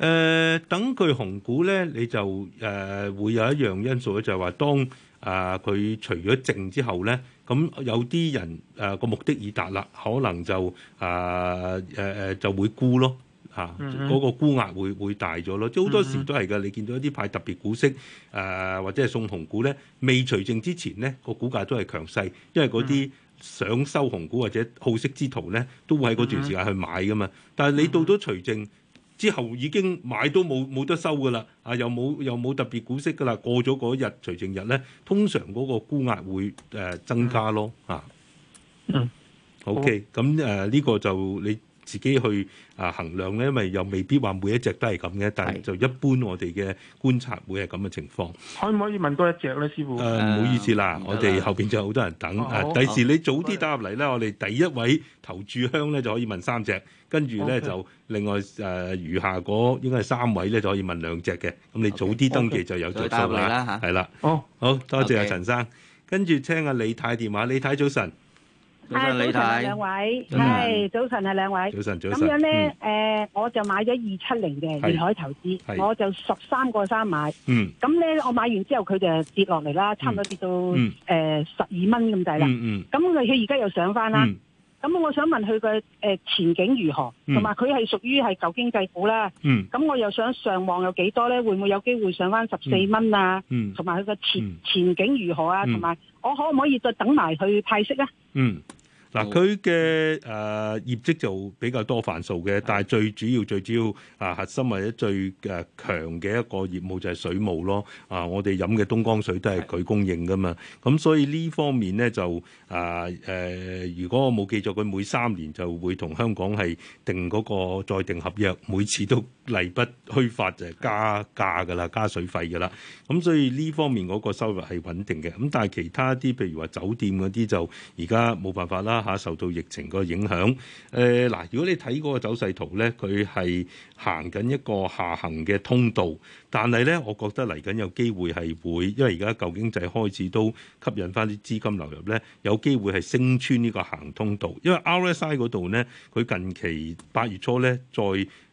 誒、呃、等佢紅股咧，你就誒、呃、會有一樣因素咧，就係、是、話當啊佢、呃、除咗淨之後咧，咁、嗯、有啲人誒個、呃、目的已達啦，可能就啊誒誒就會沽咯嚇，嗰、啊那個沽壓會,會大咗咯。即好多時都係㗎，你見到一啲派特別股息誒、呃、或者係送紅股咧，未除淨之前咧個股價都係強勢，因為嗰啲想收紅股或者好息之徒咧，都會喺嗰段時間去買㗎嘛。但係你到咗除淨。之後已經買都冇冇得收㗎啦，啊又冇又冇特別股息㗎啦，過咗嗰日除淨日咧，通常嗰個沽壓會誒、呃、增加咯，啊，嗯，好，OK，咁誒呢個就你自己去啊衡量咧，因為又未必話每一隻都係咁嘅，但係就一般我哋嘅觀察會係咁嘅情況。可唔可以問多一隻咧，師傅？誒唔好意思啦，我哋後邊仲有好多人等。第時你早啲打入嚟咧，我哋第一位投注香咧就可以問三隻，跟住咧就另外誒餘下嗰應該係三位咧就可以問兩隻嘅。咁你早啲登記就有著數啦。係啦。哦，好多謝阿陳生。跟住聽阿李太電話。李太早晨。早晨啊，兩位。係早晨啊，兩位。早晨早晨。咁樣咧，誒，我就買咗二七零嘅粵海投資，我就十三個三買。嗯。咁咧，我買完之後，佢就跌落嚟啦，差唔多跌到誒十二蚊咁仔啦。咁佢而家又上翻啦。咁我想問佢嘅誒前景如何？同埋佢係屬於係舊經濟股啦。咁我又想上望有幾多咧？會唔會有機會上翻十四蚊啊？同埋佢嘅前前景如何啊？同埋我可唔可以再等埋去派息啊？嗯。嗱，佢嘅誒業績就比較多範數嘅，但係最主要、最主要啊核心或者最誒、啊、強嘅一個業務就係水務咯。啊，我哋飲嘅東江水都係佢供應噶嘛，咁是所以呢方面咧就啊誒、呃、如果我冇記錯，佢每三年就會同香港係定、嗰個再定合約，每次都例不虛發就係加價噶啦，加水費噶啦。咁所以呢方面個收入係穩定嘅。咁但係其他啲，譬如話酒店啲，就而家冇辦法啦。下受到疫情個影響，誒、呃、嗱，如果你睇嗰個走勢圖咧，佢係行緊一個下行嘅通道，但係咧，我覺得嚟緊有機會係會，因為而家舊經濟開始都吸引翻啲資金流入咧，有機會係升穿呢個行通道，因為 RSI 嗰度咧，佢近期八月初咧再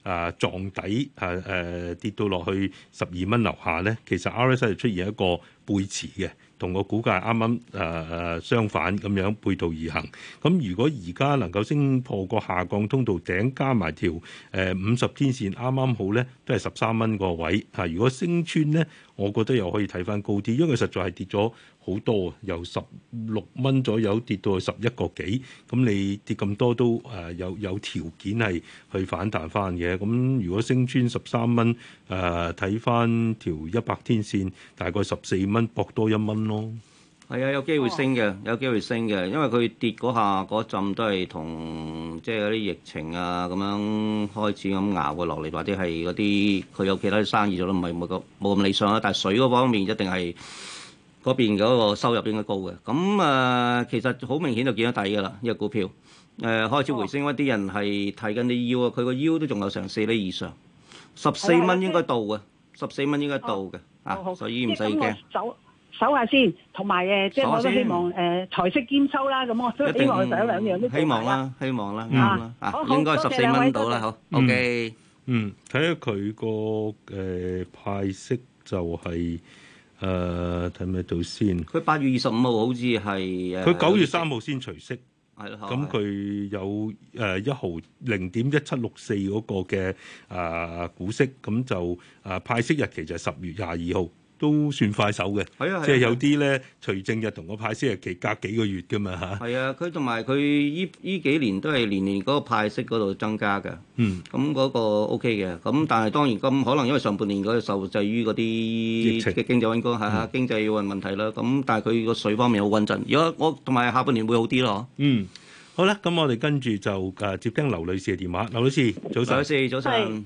啊、呃、撞底啊誒、呃、跌到落去十二蚊樓下咧，其實 RSI 係出現一個背馳嘅。同個股價啱啱誒誒相反咁樣背道而行。咁如果而家能夠升破個下降通道頂，加埋條誒五十天線，啱啱好咧，都係十三蚊個位嚇。如果升穿咧，我覺得又可以睇翻高啲，因為佢實在係跌咗。好多由十六蚊左右跌到去十一個幾，咁你跌咁多都誒有有條件係去反彈翻嘅。咁如果升穿十三蚊，誒睇翻條一百天線，大概十四蚊搏多一蚊咯。係啊，有機會升嘅，有機會升嘅，因為佢跌嗰下嗰陣都係同即係嗰啲疫情啊咁樣開始咁熬過落嚟，或者係嗰啲佢有其他啲生意咗咯，唔係冇咁冇咁理想啊。但係水嗰方面一定係，嗰邊嗰個收入應該高嘅，咁啊、呃、其實好明顯就見得底噶啦，呢個股票，誒、呃、開始回升一啲人係睇緊啲腰啊，佢個腰都仲有成四厘以上，十四蚊應該到嘅，十四蚊應該到嘅、哦、啊，所以唔使驚。走，搜下先，同埋誒，即、就、係、是、我都希望誒、呃、財息兼收啦，咁我一定希望第一兩樣都做到啦。希望啦，希望啦，啱啦，啊應該十四蚊到啦，好，OK，嗯，睇下佢個誒派息就係、是。誒，睇咩到先看看？佢八月二十五號好似係誒，佢九月三號先除息，係咯的。咁佢有誒、一、呃、毫零點一七六四嗰個嘅誒、呃、股息，咁就誒、呃、派息日期就係十月廿二號。都算快手嘅，啊、即係有啲咧，除、啊、正日同個派息日期隔幾個月嘅嘛嚇。係啊，佢同埋佢依依幾年都係年年嗰個派息嗰度增加嘅。嗯。咁嗰個 OK 嘅，咁但係當然咁可能因為上半年嗰個受制於嗰啲嘅經濟運，應該係嚇經濟運問題啦。咁但係佢個水方面好穩陣。如果我同埋下半年會好啲咯。嗯。好啦，咁我哋跟住就誒接聽劉女士嘅電話。劉女士，早晨。劉女士，早晨。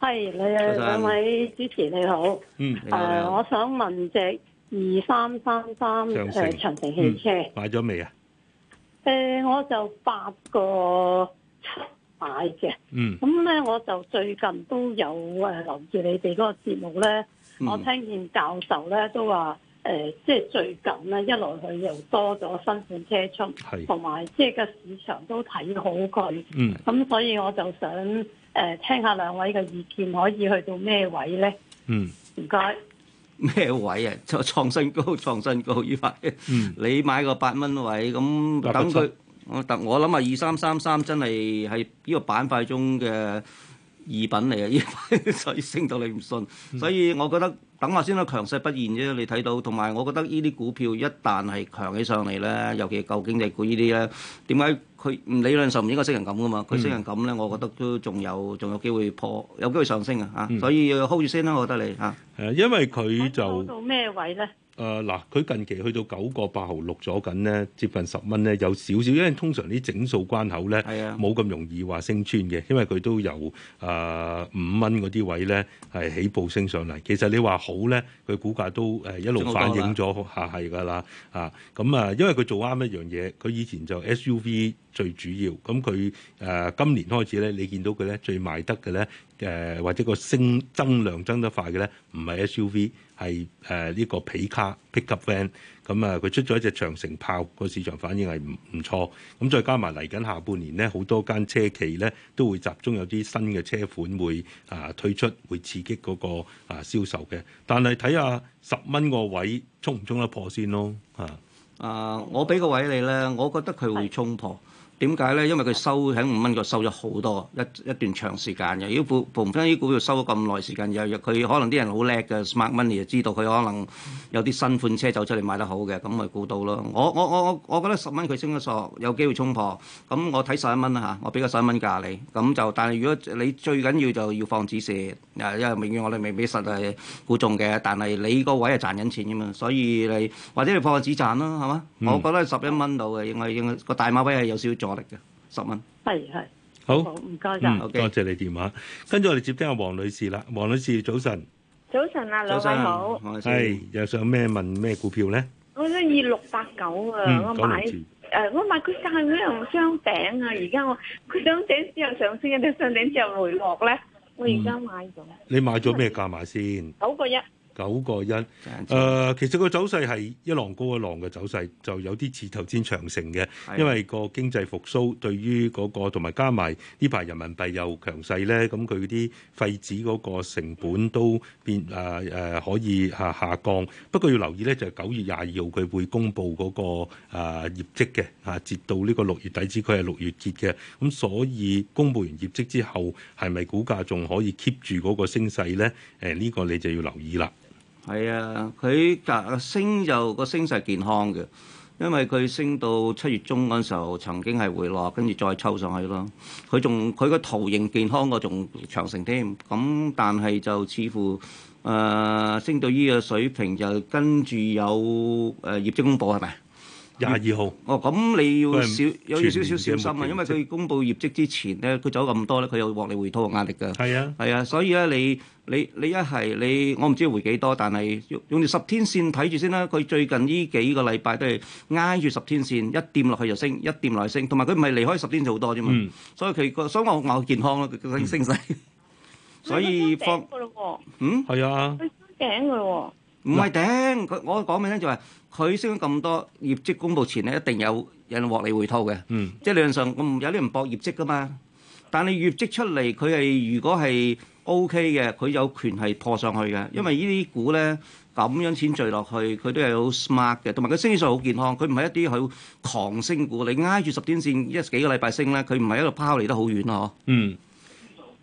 係，你兩位主持你好。嗯。誒、呃，我想問隻二三三三誒長城汽、呃、車、嗯、買咗未啊？誒、呃，我就八個七買嘅。嗯。咁咧，我就最近都有誒、呃、留意你哋嗰個節目咧。嗯、我聽見教授咧都話誒、呃，即係最近咧一來去又多咗新款車出，同埋是即係個市場都睇好佢。嗯。咁所以我就想。嗯誒，聽下兩位嘅意見，可以去到咩位咧？嗯，唔該託。咩位啊？創新高，創新高呢塊。嗯，你買個八蚊位咁等佢，我突我諗啊，二三三三真係係呢個板塊中嘅。二品嚟啊！依所以升到你唔信，嗯、所以我覺得等下先啦，強勢不現啫。你睇到，同埋我覺得呢啲股票一旦係強起上嚟咧，尤其舊經濟股呢啲咧，點解佢唔理論上唔應該升人咁噶嘛？佢升人咁咧，我覺得都仲有，仲有機會破，有機會上升啊！嚇、嗯，所以 hold 住先啦、啊，我覺得你嚇。誒、啊，因為佢就到咩位咧？誒嗱，佢、呃、近期去到九個八毫六咗緊咧，接近十蚊咧，有少少，因為通常啲整數關口咧，冇咁的容易話升穿嘅，因為佢都由誒五蚊嗰啲位咧係起步升上嚟。其實你話好咧，佢股價都誒、呃、一路反映咗下係㗎啦，啊，咁啊，因為佢做啱一樣嘢，佢以前就 SUV 最主要，咁佢誒今年開始咧，你見到佢咧最賣得嘅咧，誒、呃、或者個升增量增得快嘅咧，唔係 SUV。係誒呢個皮卡 pickup van，咁啊佢出咗一隻長城炮，個市場反應係唔唔錯。咁、嗯、再加埋嚟緊下半年呢，好多間車企呢都會集中有啲新嘅車款會啊推出，會刺激嗰、那個啊銷售嘅。但係睇下十蚊個位衝唔衝得破先咯，啊！啊，我俾個位你呢，我覺得佢會衝破。點解咧？因為佢收喺五蚊嗰收咗好多一一段長時間嘅，如果部分股票收咗咁耐時間，又佢可能啲人好叻嘅，Smart Money 就知道佢可能有啲新款車走出嚟賣得好嘅，咁咪估到咯。我我我我我覺得十蚊佢升得索，有機會衝破。咁我睇十一蚊啦我俾個十一蚊價你。咁就但係如果你最緊要就要放止蝕，因為永遠我哋未必實係估中嘅。但係你個位係賺緊錢㗎嘛，所以你或者你放止賺啦，係嘛？嗯、我覺得十一蚊度嘅，因為，因為個大馬位係有少少重。攞嚟嘅十蚊，係係好唔該晒，多謝你電話。跟住我哋接聽阿黃女士啦，黃女士早晨，早晨啊，老細好，係，又想咩問咩股票咧？我想二六八九啊，我買誒，我買佢價股又雙頂啊，而家我佢雙頂之後上升，啲雙頂之後回落咧，我而家買咗。你買咗咩價埋先？九個一。九個一，誒、呃，其實個走勢係一浪高一浪嘅走勢，就有啲似頭先長城嘅，的因為個經濟復甦對於嗰、那個同埋加埋呢排人民幣又強勢咧，咁佢啲廢紙嗰個成本都變誒誒、呃呃、可以下下降。不過要留意咧，就係、是、九月廿二號佢會公布嗰個誒業績嘅，嚇、啊，截到呢個六月底止，佢係六月結嘅。咁所以公布完業績之後，係咪股價仲可以 keep 住嗰個升勢咧？誒、呃，呢、這個你就要留意啦。係啊，佢格升就、個升勢健康嘅。因為佢升到七月中嗰陣時候曾經係回落，跟住再抽上去咯。佢仲佢個圖形健康過仲長城添。咁但係就似乎誒、呃、升到依個水平就跟住有誒、呃、業績公布係咪？是廿二號，哦，咁你要少有少少小心啊，因為佢公布業績之前咧，佢走咗咁多咧，佢有獲利回吐嘅壓力㗎。係啊，係啊，所以咧，你你你一係你我唔知要回幾多，但係用住十天線睇住先啦。佢最近呢幾個禮拜都係挨住十天線，一掂落去就升，一掂落去升，同埋佢唔係離開十天線好多啫嘛。所以佢個所以我話健康咯，佢升升勢，所以放嗯係啊，佢收頸佢喎。唔係頂佢，ang, 我講明咧就話、是，佢升咗咁多，業績公佈前咧，一定有有人獲利回吐嘅。嗯，即理論上我唔有啲人博業績噶嘛。但你業績出嚟，佢係如果係 OK 嘅，佢有權係破上去嘅。因為呢啲股咧咁樣錢聚落去，佢都係好 smart 嘅，同埋佢升勢好健康。佢唔係一啲好狂升股，你捱住十天線一幾個禮拜升咧，佢唔係一度拋離得好遠咯。嗯。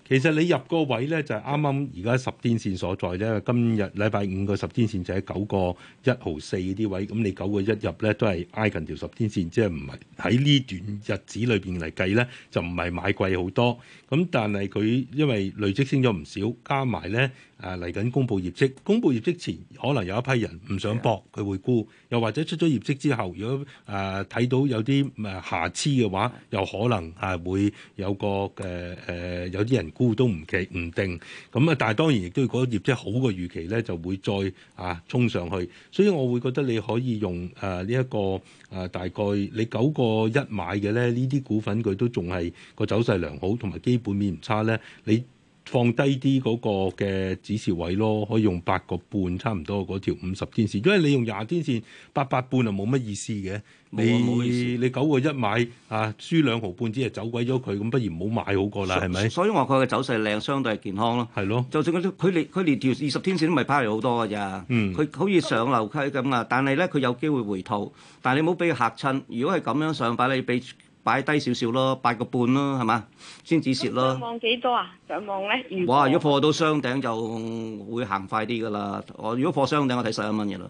其實你入個位咧，就係啱啱而家十天線所在啫。今日禮拜五個十天線就喺九個一毫四啲位，咁你九個一入咧都係挨近條十天線，即係唔係喺呢段日子裏邊嚟計咧，就唔係買貴好多。咁但係佢因為累積升咗唔少，加埋咧。誒嚟緊公布業績，公布業績前可能有一批人唔想搏，佢會沽；又或者出咗業績之後，如果誒睇、呃、到有啲誒瑕疵嘅話，又可能係、啊、會有個誒誒、呃、有啲人沽都唔企唔定。咁、嗯、啊，但係當然亦都如果業績好嘅預期咧，就會再啊衝上去。所以我會覺得你可以用誒呢一個誒、呃、大概你九個一買嘅咧，呢啲股份佢都仲係個走勢良好，同埋基本面唔差咧，你。放低啲嗰個嘅指示位咯，可以用八個半差唔多嗰條五十天線，因為你用廿天線八八半就冇乜意思嘅。冇有你意思。你九個一買啊，輸兩毫半只係走鬼咗佢，咁不如唔好買好過啦，係咪？所以話佢嘅走勢靚，相對係健康咯。係是咯。就算佢佢連佢連條二十天線都唔係拋嚟好多㗎咋。嗯。佢好似上樓梯咁啊，但係咧佢有機會回吐，但係你唔好俾佢嚇親。如果係咁樣上翻，你俾。擺低少少咯，八個半咯，係嘛？先止蝕咯。望幾多啊？上望咧？哇！如果破到箱頂就會行快啲噶啦。我如果破箱頂，我睇十一蚊嘅啦。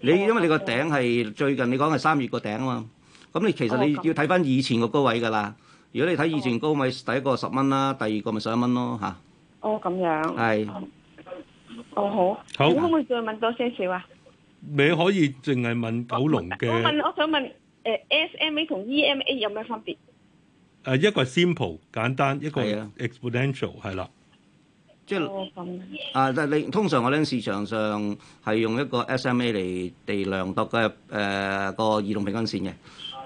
你因為你個頂係最近你講係三月個頂啊嘛。咁你其實你要睇翻以前個高位噶啦。如果你睇以前高位，第一個十蚊啦，第二個咪十一蚊咯嚇。哦，咁樣。係。哦好。好。可唔可以再問多些少啊？你可以淨係問九龍嘅。我問，我想問。誒，SMA 同 EMA 有咩分別？誒，一個係 simple 簡單，一個 exponential 係啦，即係啊，但係通常我咧市場上係用一個 SMA 嚟地量度嘅誒個移動平均線嘅，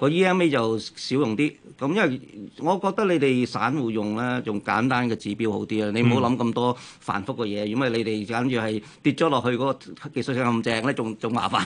個 EMA 就少用啲。咁因為我覺得你哋散戶用咧，用簡單嘅指標好啲啦。你唔好諗咁多繁複嘅嘢，因為你哋假如係跌咗落去嗰個技術性咁正咧，仲仲麻煩。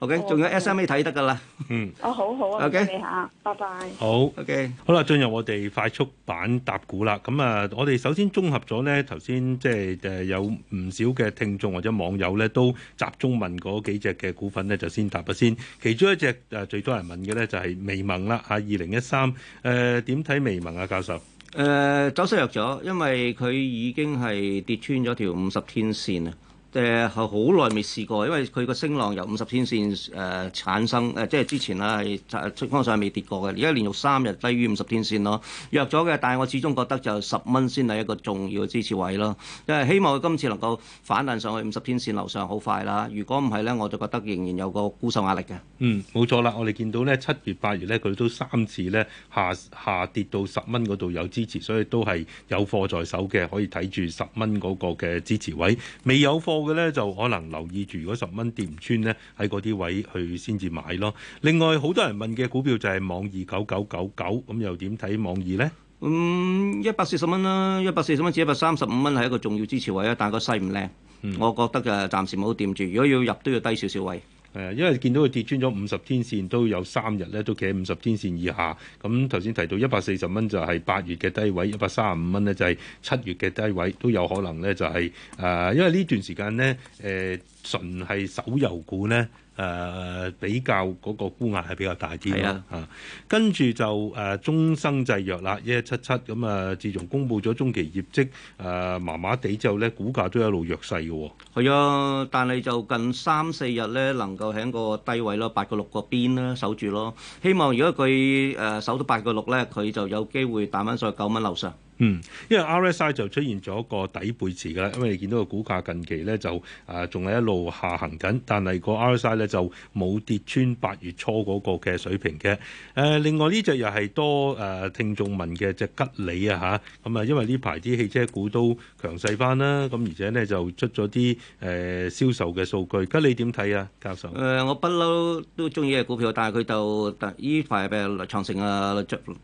O K，仲有 S M A 睇得噶啦，嗯，哦，好好啊，O K，嚇，拜拜。好，O K，好啦，進入我哋快速版答股啦。咁啊，我哋首先綜合咗咧頭先，即係誒有唔少嘅聽眾或者網友咧都集中問嗰幾隻嘅股份咧，就先答先。其中一隻誒最多人問嘅咧就係微盟啦嚇，二零一三誒點睇微盟啊，教授？誒走勢弱咗，因為佢已經係跌穿咗條五十天線啊。誒係好耐未試過，因為佢個升浪由五十天線誒、呃、產生誒、呃，即係之前啦係出方上係未跌過嘅，而家連續三日低於五十天線咯，弱咗嘅。但係我始終覺得就十蚊先係一個重要嘅支持位咯。誒、呃，希望佢今次能夠反彈上去五十天線樓上好快啦。如果唔係呢，我就覺得仍然有個沽售壓力嘅。嗯，冇錯啦，我哋見到呢七月八月呢，佢都三次呢下下跌到十蚊嗰度有支持，所以都係有貨在手嘅，可以睇住十蚊嗰個嘅支持位，未有貨嘅咧就可能留意住，如果十蚊跌唔穿咧，喺嗰啲位去先至買咯。另外，好多人問嘅股票就係網易九九九九，咁又點睇網易咧？嗯，一百四十蚊啦，一百四十蚊至一百三十五蚊係一個重要支持位啊，但個勢唔靚。嗯，我覺得嘅暫時冇掂住。如果要入都要低少少位。係啊，因為見到佢跌穿咗五十天線，都有三日咧，都企喺五十天線以下。咁頭先提到一百四十蚊就係八月嘅低位，一百三十五蚊咧就係七月嘅低位，都有可能咧就係、是、啊、呃，因為呢段時間咧，誒、呃。純係手遊股呢，誒、呃、比較嗰個估壓係比較大啲啦，嚇、啊。跟住、啊、就誒、呃、中生製藥啦，一一七七咁啊，自從公布咗中期業績誒麻麻地之後呢，股價都一路弱勢嘅、哦。係啊，但係就近三四日呢，能夠喺個低位咯，八個六個邊啦，守住咯。希望如果佢誒、呃、守到八個六呢，佢就有機會彈翻上九蚊樓上。嗯，因為 RSI 就出現咗個底背馳噶啦，因為你見到個股價近期咧就啊仲係一路下行緊，但係個 RSI 咧就冇跌穿八月初嗰個嘅水平嘅。誒，另外呢隻又係多誒聽眾問嘅隻吉利啊嚇，咁啊因為呢排啲汽車股都強勢返啦，咁而且呢就出咗啲誒銷售嘅數據，吉利點睇啊，教授？誒，我不嬲都中意嘅股票，但係佢就呢排誒長城啊，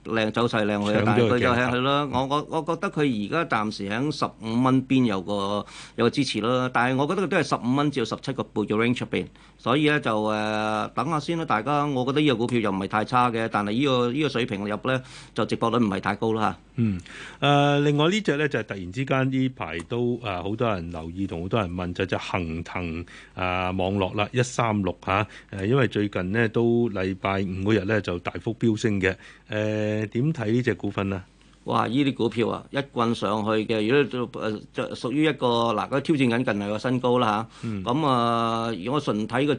靚走勢靚佢就係係咯，我我。我覺得佢而家暫時喺十五蚊邊有個有個支持咯，但係我覺得佢都係十五蚊至到十七個半嘅 range 入邊，所以咧就誒、呃、等下先啦。大家我覺得呢個股票又唔係太差嘅，但係呢、呢個依、呢個水平入咧就值博率唔係太高啦嚇。嗯，誒、呃、另外呢隻咧就係、是、突然之間呢排都誒好、啊、多人留意同好多人問就就是、恒騰啊網絡啦一三六嚇誒，因為最近呢，都禮拜五嗰日咧就大幅飆升嘅誒，點睇呢隻股份啊？哇！依啲股票啊，一棍上去嘅。如果做就、呃、屬於一個嗱，佢、呃、挑戰緊近嚟個新高啦嚇。咁啊，嗯、如果純睇個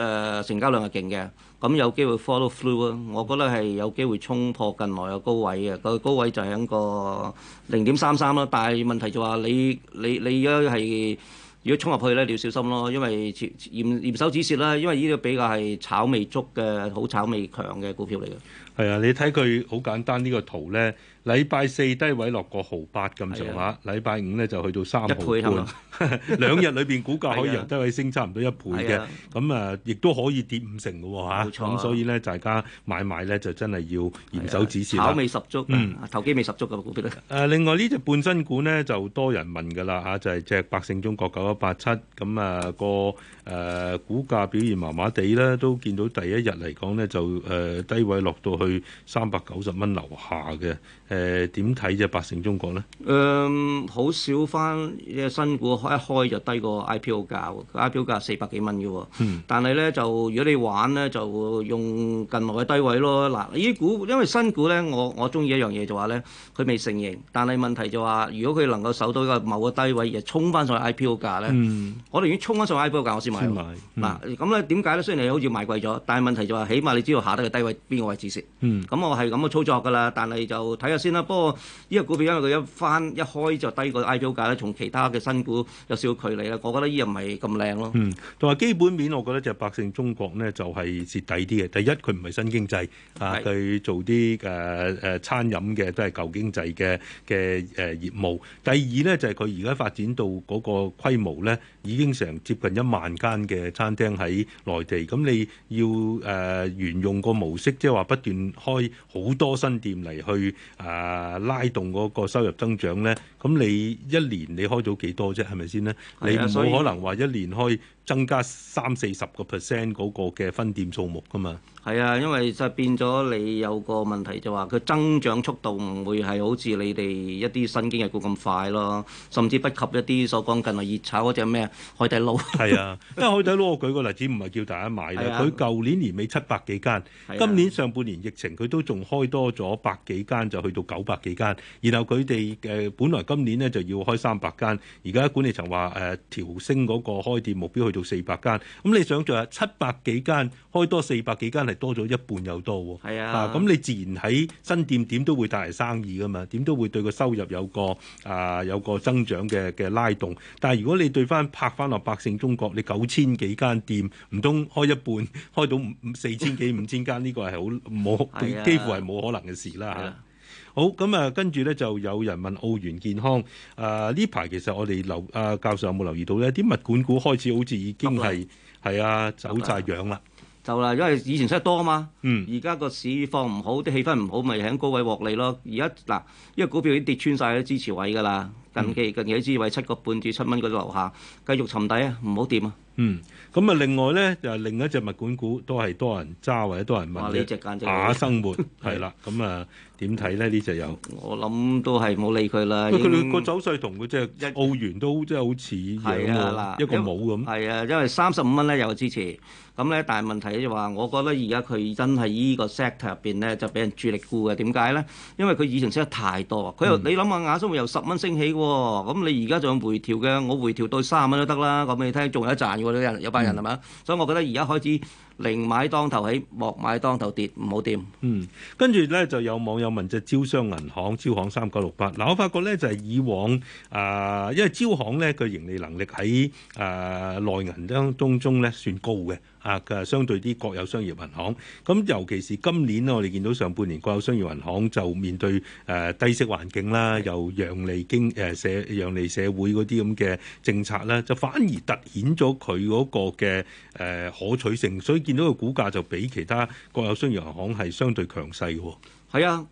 誒成交量係勁嘅，咁有機會 follow through 啊。我覺得係有機會衝破近來個高位嘅，個高位就喺個零點三三啦。但係問題就話你你你而家係如果衝入去咧，你要小心咯，因為嚴嚴守止蝕啦。因為呢個比較係炒未足嘅，好炒未強嘅股票嚟嘅。係啊，你睇佢好簡單呢、呢個圖咧。禮拜四低位落個毫八咁上下，禮拜五咧就去到三毫半，兩日裏邊股價可以由低位升差唔多一倍嘅，咁啊亦都可以跌五成嘅喎嚇。咁所以咧，大家買賣咧就真係要嚴守指示啦。炒味十足，嗯，投機味十足嘅股票啦。誒，另外呢隻半新股咧就多人問嘅啦嚇，就係隻百勝中國九一八七，咁啊個誒股價表現麻麻地啦，都見到第一日嚟講咧就誒低位落到去三百九十蚊樓下嘅。誒，點睇啫？百勝中國咧？誒，好少翻隻新股開一開就低過 IPO 價，IPO 價四百幾蚊嘅。嗯。但係咧，就如果你玩咧，就用近來嘅低位咯。嗱，呢股因為新股咧，我我中意一樣嘢就話咧，佢未成形。但係問題就話、是，如果佢能夠守到一個某個低位而衝翻上 IPO 價咧，嗯、我哋已經衝翻上 IPO 價，我先買。嗱，咁咧點解咧？雖然你好似買貴咗，但係問題就話、是，起碼你知道下低嘅低位邊個位置先。嗯。咁我係咁嘅操作噶啦，但係就睇先啦，不過呢隻股票因為佢一翻一開就低過 IPO 價咧，同其他嘅新股有少少距離啦，我覺得依個唔係咁靚咯。嗯，同埋基本面，我覺得就百勝中國呢就係蝕底啲嘅。第一，佢唔係新經濟是啊，佢做啲誒誒餐飲嘅都係舊經濟嘅嘅誒業務。第二呢，就係佢而家發展到嗰個規模呢，已經成接近一萬間嘅餐廳喺內地。咁你要誒沿、啊、用個模式，即係話不斷開好多新店嚟去。啊啊！拉動嗰個收入增長咧。咁你一年你開到幾多啫？係咪先呢？你唔冇可能話一年開增加三四十個 percent 嗰個嘅分店數目噶嘛？係啊，因為就變咗你有個問題就話佢增長速度唔會係好似你哋一啲新經濟股咁快咯，甚至不及一啲所講近來熱炒嗰隻咩海底撈。係啊，因為海底撈我舉個例子唔係叫大家買啦，佢舊年年尾七百幾間，今年上半年疫情佢都仲開多咗百幾間，就去到九百幾間，然後佢哋嘅本來。今年咧就要開三百間，而家管理層話誒、呃、調升嗰個開店目標去到四百間，咁、嗯、你想就係七百幾間開多四百幾間，係多咗一半又多喎。係啊，咁、啊嗯、你自然喺新店點都會帶嚟生意噶嘛，點都會對個收入有個啊有個增長嘅嘅拉動。但係如果你對翻拍翻落百姓中國，你九千幾間店唔通開一半開到四千幾五千間呢個係好冇幾乎係冇可能嘅事啦嚇。好咁啊，跟住咧就有人問澳元健康啊，呢排其實我哋留啊教授有冇留意到咧？啲物管股開始好似已經係係了啊走曬樣啦，就啦，因為以前出得多嘛，嗯，而家個市況唔好，啲氣氛唔好，咪喺高位獲利咯。而家嗱，因為股票已經跌穿晒啲支持位噶啦，近期、嗯、近期支持位七個半至七蚊嗰啲樓下繼續沉底啊，唔好掂啊。嗯，咁啊，另外咧就另一隻物管股都係多人揸或者多人問你，雅生活係啦，咁多 啊。 點睇咧？呢隻有、嗯、我諗都係冇理佢啦。佢哋個走勢同佢，即嗰一澳元都真係好似樣，一個冇咁。係啊，因為三十五蚊咧有支持。咁咧，但係問題就話，我覺得而家佢真係依個 sector 入邊咧就俾人助力沽嘅。點解咧？因為佢以前升得太多啊。佢又、嗯、你諗啊，亞洲會由十蚊升起喎。咁你而家仲有回調嘅，我回調到三十蚊都得啦。咁你睇仲有一賺喎？有班人係咪、嗯？所以我覺得而家開始。寧買當頭起，莫買當頭跌，唔好掂。嗯，跟住咧就有網友問隻招商銀行、招行三九六八。嗱，我發覺咧就係以往啊、呃，因為招行咧佢盈利能力喺啊、呃、內銀當中中中咧算高嘅。啊嘅相對啲國有商業銀行，咁尤其是今年我哋見到上半年國有商業銀行就面對誒低息環境啦，又讓利經誒社讓利社會嗰啲咁嘅政策咧，就反而突顯咗佢嗰個嘅誒可取性，所以見到個股價就比其他國有商業銀行係相對強勢嘅。係啊。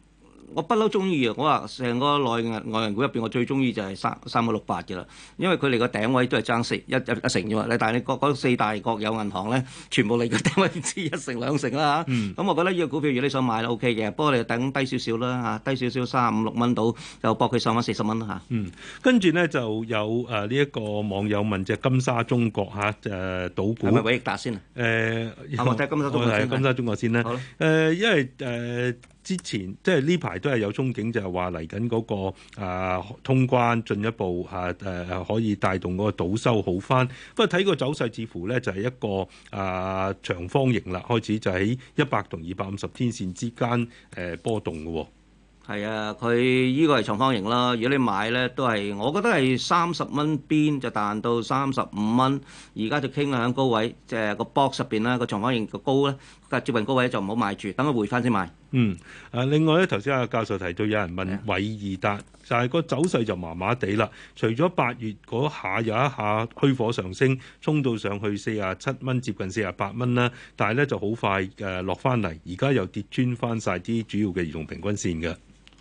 我不嬲中意啊！我話成個內銀外銀股入邊，我最中意就係三三個六八嘅啦。因為佢哋個頂位都係爭四一一,一成啫嘛。但你但係你嗰嗰四大國有銀行咧，全部你個頂位只一成兩成啦嚇。咁、啊嗯嗯嗯、我覺得呢個股票如果你想買咧 OK 嘅，不過你等低少少啦嚇，低少少三五六蚊到就搏佢上返四十蚊啦嚇。啊、嗯，跟住呢就有誒呢一個網友問隻金沙中國嚇誒、啊啊、賭股係咪偉達先啊？誒、呃，係咪偉金沙中國先咧？好啦吧，誒，因為誒。呃呃呃呃之前即係呢排都係有憧憬就、那個，就係話嚟緊嗰個通關進一步啊誒、啊，可以帶動嗰個賭收好返。不過睇個走勢，似乎咧就係、是、一個啊長方形啦，開始就喺一百同二百五十天線之間誒、啊、波動嘅、哦。係啊，佢依個係長方形啦。如果你買咧，都係我覺得係三十蚊邊就彈到三十五蚊，而家就傾向高位，即、就、係、是、個 box 入邊啦，個長方形個高咧。但接近高位就唔好買住，等佢回翻先買。嗯，誒，另外咧，頭先阿教授提到有人問偉易達，的就係個走勢就麻麻地啦。除咗八月嗰下有一下虛火上升，衝到上去四啊七蚊，接近四啊八蚊啦，但係咧就好快誒落翻嚟，而家又跌穿翻晒啲主要嘅移動平均線嘅。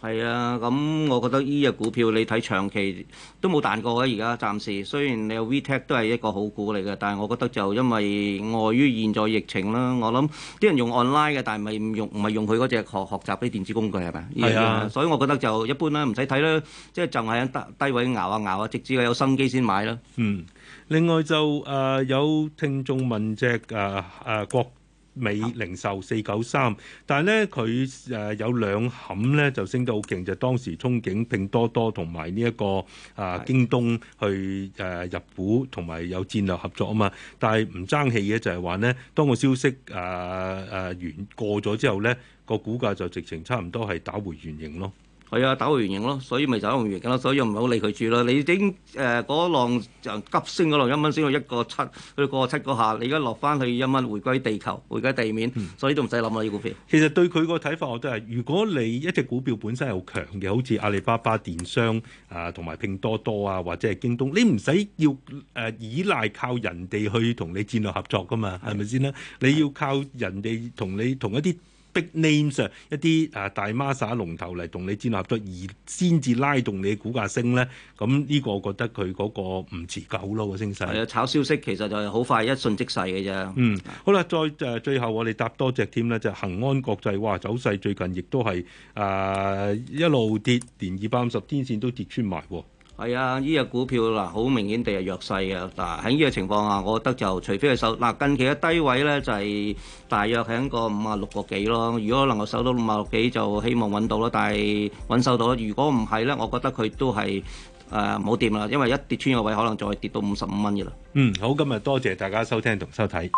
係啊，咁、嗯、我覺得呢隻股票你睇長期都冇彈過嘅，而家暫時。雖然你有 VTech 都係一個好股嚟嘅，但係我覺得就因為礙於現在疫情啦，我諗啲人用 online 嘅，但係唔係用佢嗰隻學學習啲電子工具係咪？係啊，所以我覺得就一般啦，唔使睇啦，即係就係、是、低低位熬啊熬啊，直至佢有心機先買啦。嗯，另外就誒、呃、有聽眾問隻誒誒國。美零售四九三，但係咧佢誒有兩冚咧就升得好勁，就是、當時憧憬拼多多同埋呢一個啊、呃、京東去誒、呃、入股同埋有戰略合作啊嘛，但係唔爭氣嘅就係話咧，當個消息誒誒完過咗之後咧，個股價就直情差唔多係打回原形咯。係啊，打回原形咯，所以咪走回原形咯，所以唔好理佢住咯。你已經嗰浪就急升嗰浪一蚊升到一個七，去到個七嗰下，你而家落翻去一蚊，回歸地球，回歸地面，所以都唔使諗啦呢股票。其實對佢個睇法，我都係，如果你一隻股票本身係好強嘅，好似阿里巴巴電商啊，同、呃、埋拼多多啊，或者係京東，你唔使要誒、呃、依賴靠人哋去同你戰略合作噶嘛，係咪先啦？吧你要靠人哋同你同一啲。Big names，一啲啊大孖沙龍頭嚟同你戰合作，而先至拉動你股價升咧。咁呢個我覺得佢嗰個唔持久咯個升勢。係啊，炒消息其實就係好快一瞬即逝嘅啫。嗯，好啦，再誒、呃、最後我哋搭多隻添咧，就係恒安國際哇，走勢最近亦都係啊一路跌，連二百五十天線都跌穿埋。係啊，呢隻股票嗱好明顯地係弱勢嘅，嗱喺呢個情況下，我覺得就除非係守嗱近期嘅低位咧，就係大約喺個五啊六個幾咯。如果能夠守到五啊六幾，就希望揾到啦。但係揾收到，如果唔係咧，我覺得佢都係誒冇掂啦，因為一跌穿個位，可能再跌到五十五蚊嘅啦。嗯，好，今日多謝大家收聽同收睇。